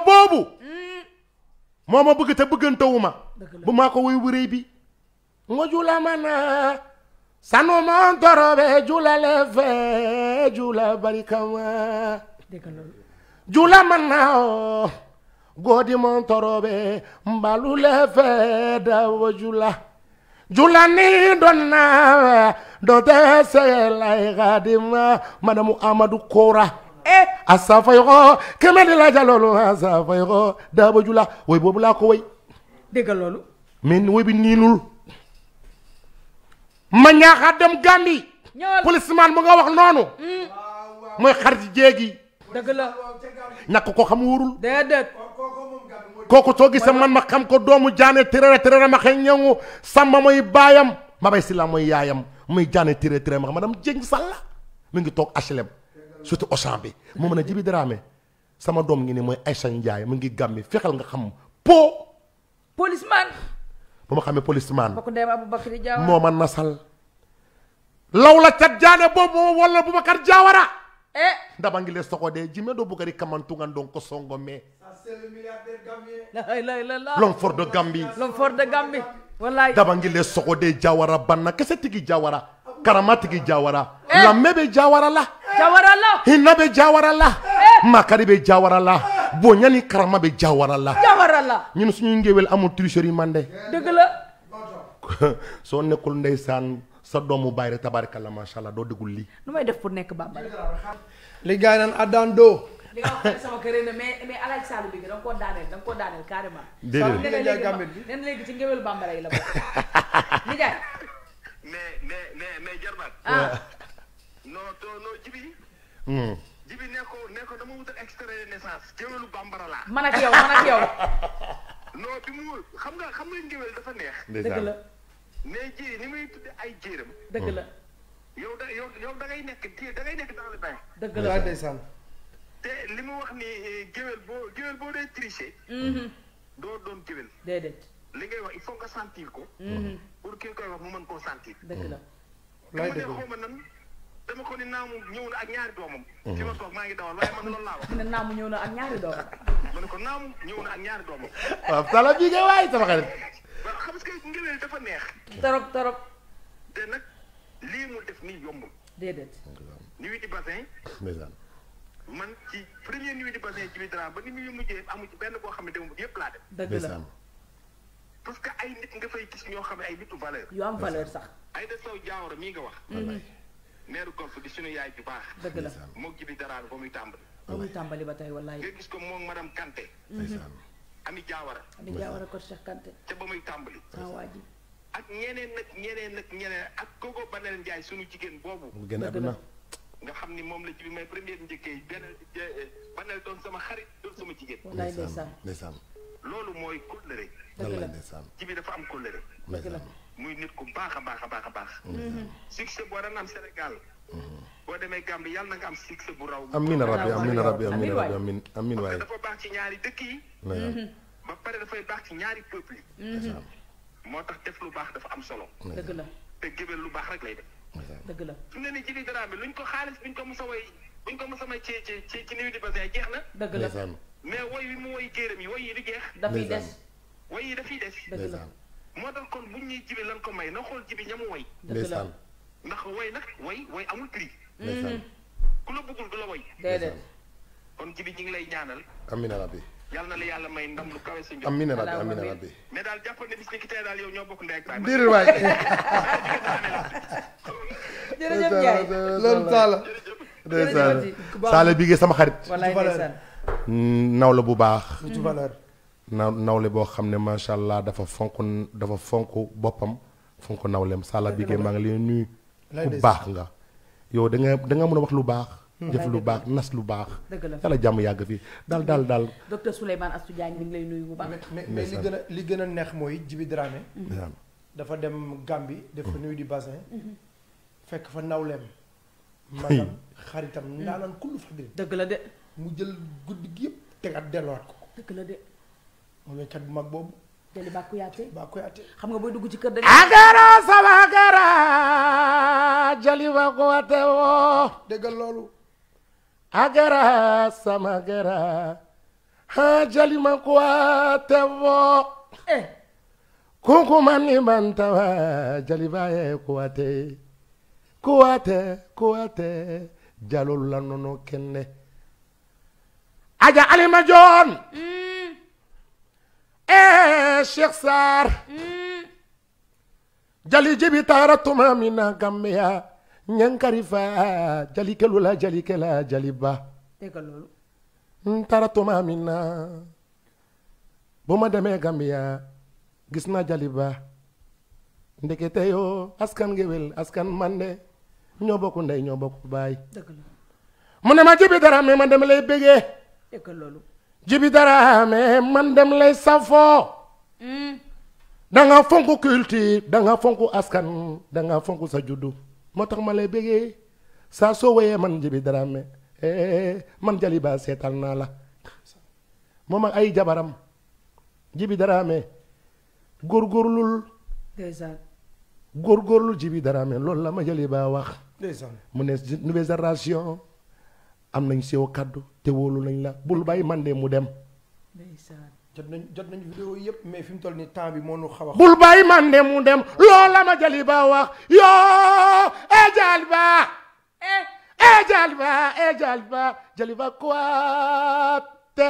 boobu. Mm. moo ma bëgg te bëggantewuma bu maa ko wuy bu réy bi. ngo jula mana sanu ma torobe jula lefe jula barikama jula mana o godi mon torobe mbalu lefe dawo jula julani donna dote selay kadima madamu amadu kora e a safayoxo kemedila jalolu a safayoxo daba jula woy boobu laa ko woy déggal loolu bi niinul ma ñaaxa dem Gàmbi policeman mu nga wax noonu mm. mooy xarit jéegi dëgg ko xam wóorul kooku soo gisee man ma xam ko doomu jaane tirere tirere ma xëy ñëngu sàmba mooy baayam ma bay si la mooy yaayam muy jaane tirere tirere ma xam madame Dieng Sall mi ngi toog HLM surtout Auchan bi mu mën a jibi daraame sama doom ngi ne Ndiaye mu ngi gàmmi fexeel nga xam po policeman bu ma xamee policeman moo ma nasal law la cat jaane boobu bu walla Boubacar Diawara eh ndaba ngi lee soxodee jime doo bugari kamantungan doon ko songo l'homme fort de Gambie. l'homme fort de Gambie. wallaay Dabangile Sogode Jawara Banna Kesetigi Jawara Karamatigi Jawara. Eh. lambe bɛ Jawara la. Eh. Jawara la. hinɛ bɛ Jawara la. Eh. makari bɛ Jawara la. bonya ni karama bɛ Jawara la. Jawara la. ñun suñu ngéwél amul tricherie man de. dëgg la. soo nekkul ndeysaan sa doomu baay rek tabaarikalla macha allah doo déglu lii. nu may def pour nekk bàmba. li gars yi naan Adando. li nga wax sama kër ne mais mais Alaaji Saalu bi da koo daaneel da koo daaneel carrément. déedéet nee na léegi ci ngewelu bambara yi la bokk. nijaay. mais mais mais mais jarbaat. ah. non to non jibi. Hmm. jibi ne ko ne ko dama wutal extrait de naissance. ngewelu bambara laa. man ak yow man ak yow. non bi mu xam nga xam nga ngewel dafa neex. dëgg la. mais ji ni muy tudde ay jéeram. dëgg la. Hmm. yow da yow yow da ngay nekk da ngay nekk dans le dëgg la ndeysaan. te li mu wax ni eh, géwél boo géwél boo dee tricher. Mm-hmm. doo doon géwél. déedéet. li ngay wax il faut nga sentir ko. Mm-hmm. pour ki koy wax mu mën koo sentir. dëgg la. Mm-hmm. looy dëgg xaw ma nan dama ko ni naamu ñëw na ak ñaari doomam. fi ma maa ngi dawal waaye man loolu laa wax. mu ne naamu na ak ñaari doomam. ko naamu ñëw na ak ñaari doomam. waaw sala bii ngay waay sama xarit. waaw xam nga géwél dafa neex. torop torop. te nag lii mu def nii yombul. déedéet. ni witi bassin. man ci premier nuit di bassin ji dara ba ni muy mujjee amu benn boo xam ne demul yëpp laa dem. dëgg la parce que ay nit nga fay gis ñoo xam ne ay nitu valeur. yu am valeur sax. ay da saw jaawara mii nga wax. meeru mm-hmm. golf di suñu yaay ju baax. dëgg la moog ji bi dara ba muy tàmbali. ba muy tàmbali ba tey wallaay. nga gis ko moom madame Kanté. Mm-hmm. ami jaawara. ami jaawara ko Cheikh Kanté. te ba muy tàmbali. waa ji. ak ñeneen nag ñeneen nag ñeneen ak gogo Banel Ndiaye suñu jigéen boobu. gën a nga xam ni moom la ci bi may première njëkkee benn eh, banal doon sama xarit doon sama jigéen. wallaay ndeysaan loolu mooy kóllëre. dëgg la ji bi dafa am kóllëre. dëgg muy nit ku baax a baax a baax a baax. Mm-hmm. succès boo daan am Sénégal. Mm-hmm. boo demee Gambie yàlla na nga am succès bu raw. am amiin rabbi amiin rabbi amiin rabbi a amiin waay. dafa baax ci ñaari dëkk yi. Mm-hmm. ba pare dafay baax ci ñaari peuple yi. moo tax def lu baax dafa am solo. dëgg la te gëbal lu baax rek lay def. dëgg la su ne ni Djiby Dramé luñ ko xaalis buñ ko mos a woy buñ ko mos a may ci ci ci ci nuyu di ba jeex na. dëgg la mais woy wi mu woy géeram yi woy yi du jeex. dafay des woy yi dafiy des. dëgg la moo tax kon bu buñ ñuy Djiby lan ko may na xool Djiby ñamu woy. dëgg la ndax woy nag woy woy amul prix. Mm-hmm. ku la bëggul du la woy. déedéet kon Djiby ñu ngi lay ñaanal. amiin rabbi yàlla na yàlla may ndam lu kawe sa njort. amiin rabbi amiin rabbi. mais Saala. ndeysaan Saala bi sama xarit. wallaay bu baax. ci mm-hmm. valeur. nawle boo xam ne macha allah dafa fonk dafa fonk boppam fonk nawleem Saala bi maa ngi lay nuyu. bu baax nga yow da nga mën a wax lu baax. jëf hmm. lu baax nas lu baax. dëgg la yàlla jàmm yàgg fi daal daal daal. docteur Souleymane Astou Diagne mi ngi lay nuyu bu baax. mais mais li gën a li gën a neex mooy Djiby Dramé. Hmm. dafa dem Gambie def fa hmm. nuyu di bassin. fekk fa nawleem. maanaam xaritam ndaanaan kullu fadri. dëgg la de. mu jël guddi gi yëpp tegaat delluwaat ko. dëgg la de. moom la kat bu mag boobu. deli bàkku yaate bàkku yaate xam nga booy dugg ci kër da agara sama agara jali ba ko wate woo agara samagara ha jalima kuwa tɛwɔ eh. kunkuma ni bantawa jaliba ye kuwa tɛ kuwa tɛ kuwa aja alimajɔn mm. eh, sheikh sar hmm. jali jibi taara na gambeya ɲankarifa jalikɛlola jalikɛla jaliba n taara tuma min na boma dɛmɛ gambiya gisina jaliba ndekete yo askan gewel askan mande ñobokku ndey ñobokku baay mu ne ma jibi dara me ma dem lay bégee jibi dara me man dem lay safo mm. da nga fonku culture da nga fonku askan da nga fonku sa juddu moo tax ma lay bëggee saa soo woyee man Djiby Dramé eh, eh, eh, man Jaliba seetaan naa la moom ak ay jabaram dara góor Djiby Dramé góorgóorlul góorgóorlu dara Dramé loolu la ma Jaliba wax mu ne nouvelle génération am nañ sew kàddu te wóolu nañ la bul bàyyi man de mu dem jot nañ jot nañ vidéo yépp mais fi mu toll ni temps bi moo nu xaw a bul bàyyi man ne mu dem loola ma jali ba wax yoo e eh, jal ba e eh, eh, jal ba e jal ba jali ba kuwaate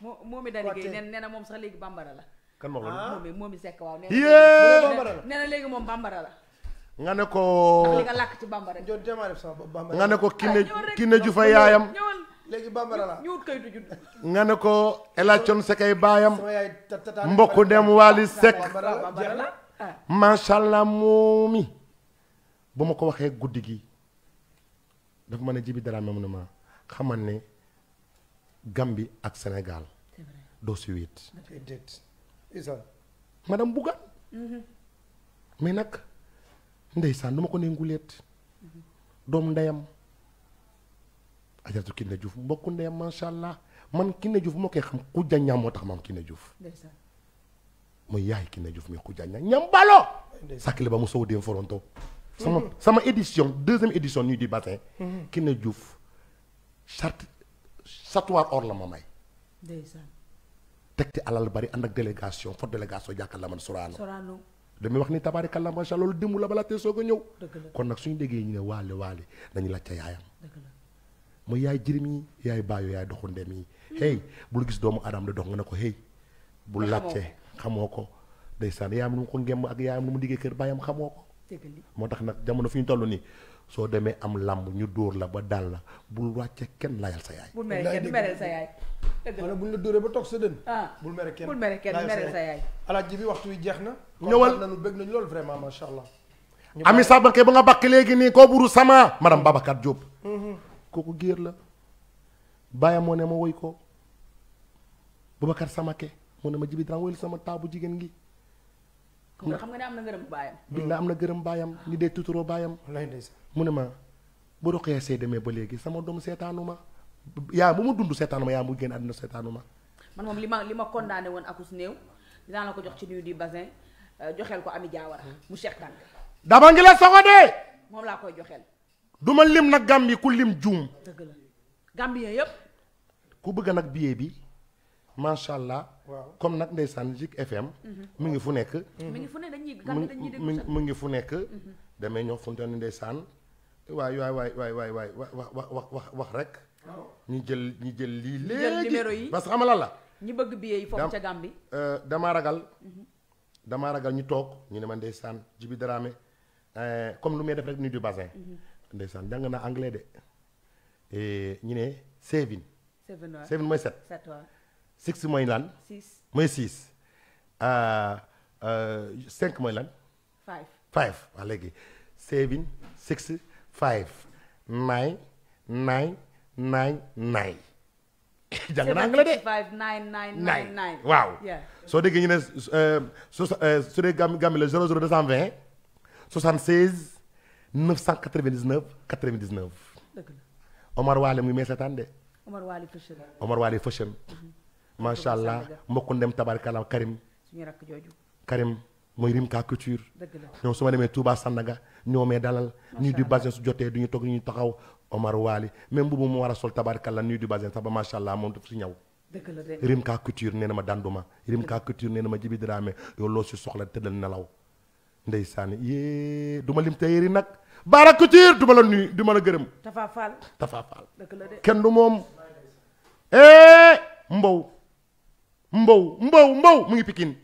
moomi dani gay nen nena moom sax léegi bambara la kan moo ah, moomi moomi sekk waaw nena nena léegi moom bambara la nga ne ko nga làkk ci bambara nga ne ko kinne kinne ju fa yaayam ñëwal léegi bambara nga ne ko El Hadj Thione Seck ay baayam mbokku dem Waly Seck ah. macha allah moomi bu ma ko waxee guddi gi dafa mën a jibi dara même ne ma xamal ne Gambie ak Sénégal doo si wéet madame Bouga mm-hmm. mais nag ndeysaan du ma ko ne nguleet mm-hmm. doom ndeyam Ajaratu Kiné Diouf mbokku ndeyam macha allah man Kiné Diouf moo koy xam Khoudia Niang moo tax ma am Kiné Diouf. mooy yaay Kiné Diouf mi Khoudia Niang ñam balo. sakile ba mu sow dem foronto. Mm-hmm. sama sama édition deuxième édition nuit di bassin. Mm-hmm. Kiné Diouf charte satoire or la ma may. ndeysaan. teg ci alal bari ànd ak délégation fort délégation jàkkaarloo man Sorano. Sorano. wax ni tabaarikàlla macha allah loolu démb la bala tey soog a ñëw. kon nag suñu déggee ñu ne waale waale dañu laajte mo yaay jirim yaay baayo yaay doxu ndem hey bul gis doomu adam da dox nga nako hey bu laajte xamoo ko ndeysaan yaayam lu ko ngem ak yaam lu mu liggéey kër bayam xamoko motax nak jamono fi tollu ni so soo am lamb ñu door la ba dal la bul wàcce kenn layal sa yaay bu mere ken mere sa yaay wala bu la dóoree ba tok sa den ah. bu mere ken bu mere ken mere sa yaay ala ji waxtu wi jeexna ñewal nañu bëgg nañu loolu vraiment sha allah ami sabanke ba nga bakk léegi ni ko buru sama madame Babacar Diop mm-hmm. kooku géer la bàyyi moo ne ma woy ko sama Samake mu ne ma jibi dara woyal sama taabu jigéen gi nga xam nga ne am na gërëm baayam billa am na gërëm baayam ni dee tuturoo baayam mu ne ma bu roqee see demee ba léegi sama doom seetaanu ma yaa bu mu dund seetaanu ma yaa mu génn àdduna seetaanu ma man moom li ma li ma condamné woon akus néew dinaa la ko jox ci nuyu di basin euh, joxeel ko ami jaawara mu Cheikh Kane dama ngi la soxodee moom laa koy joxeel du ma lim nag Gambie ku lim juum. dëgg la Gambien yëpp. ku bëgg nag billet bi macha allah. waaw comme nag ndeysaan Zik FM. mu ngi fu nekk. mu ngi fu nekk dañuy dañuy déglu mu ngi fu nekk. demee ñoo funte ni ndeysaan waay waay waay waay waay waay wax wax wax wax rek. ñu jël ñu jël lii léegi numéro yi parce que xamal la. ñi bëgg billet yi foofu ca Gambie. Euh, damaa ragal. Mhm. damaa ragal ñu toog ñu ne ma ndeysaan jibi daraame eh, comme lu muy def rek nuyu du basin. Mhm. ndeysaan jàng naa anglais de eh, ñu ne seven seven mooy set six mooy lan mooy six ah, ah, cinq mooy lan five waa léegi seven six five nine nine nine nine jàng naa anglais de waaw soo déggee ñu ne euh, euh, su dee gàmmi gàmmi la zéro zéro deux cent vingt soixante seize 999 99. dëgg la Omar Waale muy may seetaan de. Omar Waale fashion. Omar mm-hmm. macha allah mbokku ndem tabarkala Karim. suñu Karim mooy Rimka Couture. dëgg la ñoom su ma demee Touba Sandaga ñoo may dalal. ñuy di basin su jotee du ñu toog ñu taxaw Omar Waale même bu mu war a sol tabarkala ñuy di basin sax ba macha allah moom daf si ñaw. dëgg la de na ma danduma. Rimka Couture nee na ma Jibi Dramé yow loo si soxla tëddal nelaw. ndeysaani yee du ma lim tey yëri nag. Bara Couture du ma la nuyu du la gërëm. Tafa Fall Tafa kenn du moom. Eh, Mbow. Mbow Mbow Mbow mu ngi Pikine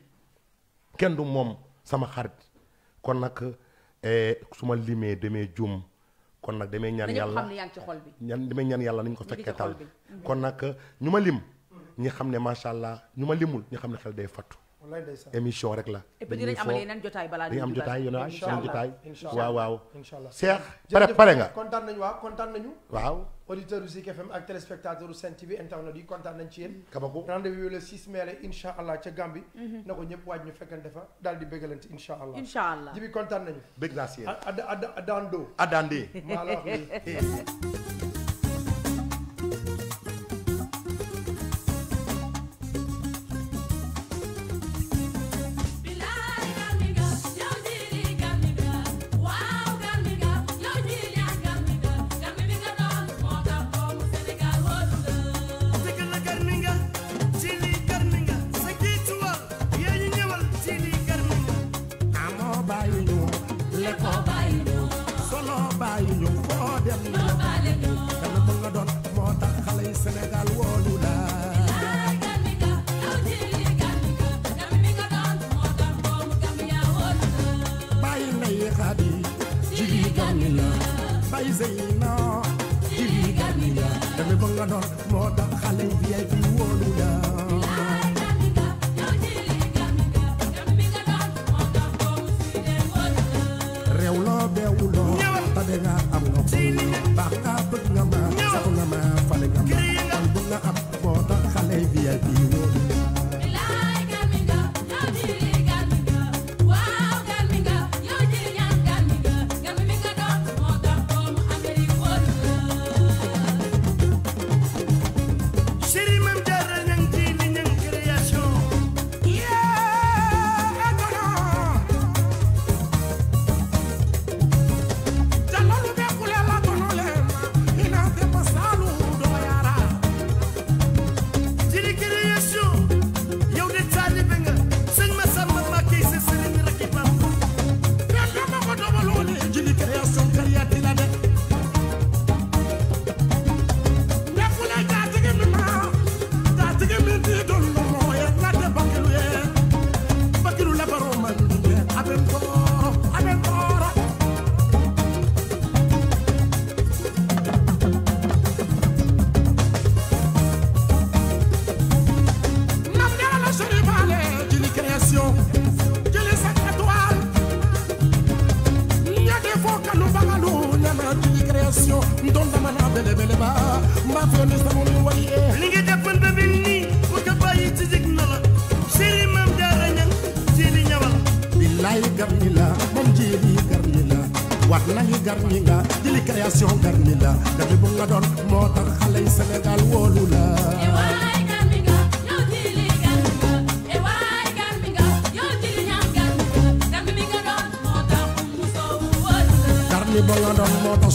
kenn du moom sama xarit kon nag eh, su ma limee demee juum kon nag demee ñaan yàlla ñaan demee ñaan yàlla nañ ko fekkee tal kon nag ñu ma lim ñi xam ne macha allah ñu ma limul ñi xam ne xel day fattu. émission rek la. dañuy fo dañuy am jotaay yoon naa seen jotaay. waaw waaw. Cheikh pare pare nga. kontaan nañu waaw kontaan nañu. waaw. auditeurs yu Zik FM ak téléspectateurs yu Sen TV internet yi kontaan nañ ci yéen. Kabako rendez-vous le 6 mai la incha Gambie. Mhm. na ko ñëpp waaj ñu fekkante fa daal di bégalante incha allah. incha jibi kontaan nañu. bég naa si yéen. Adando. Adandé. maa la wax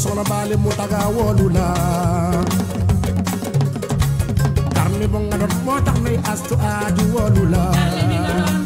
soxna baale mu daga woolu la darmi bo nga doon moo tax nay astu aaju woolu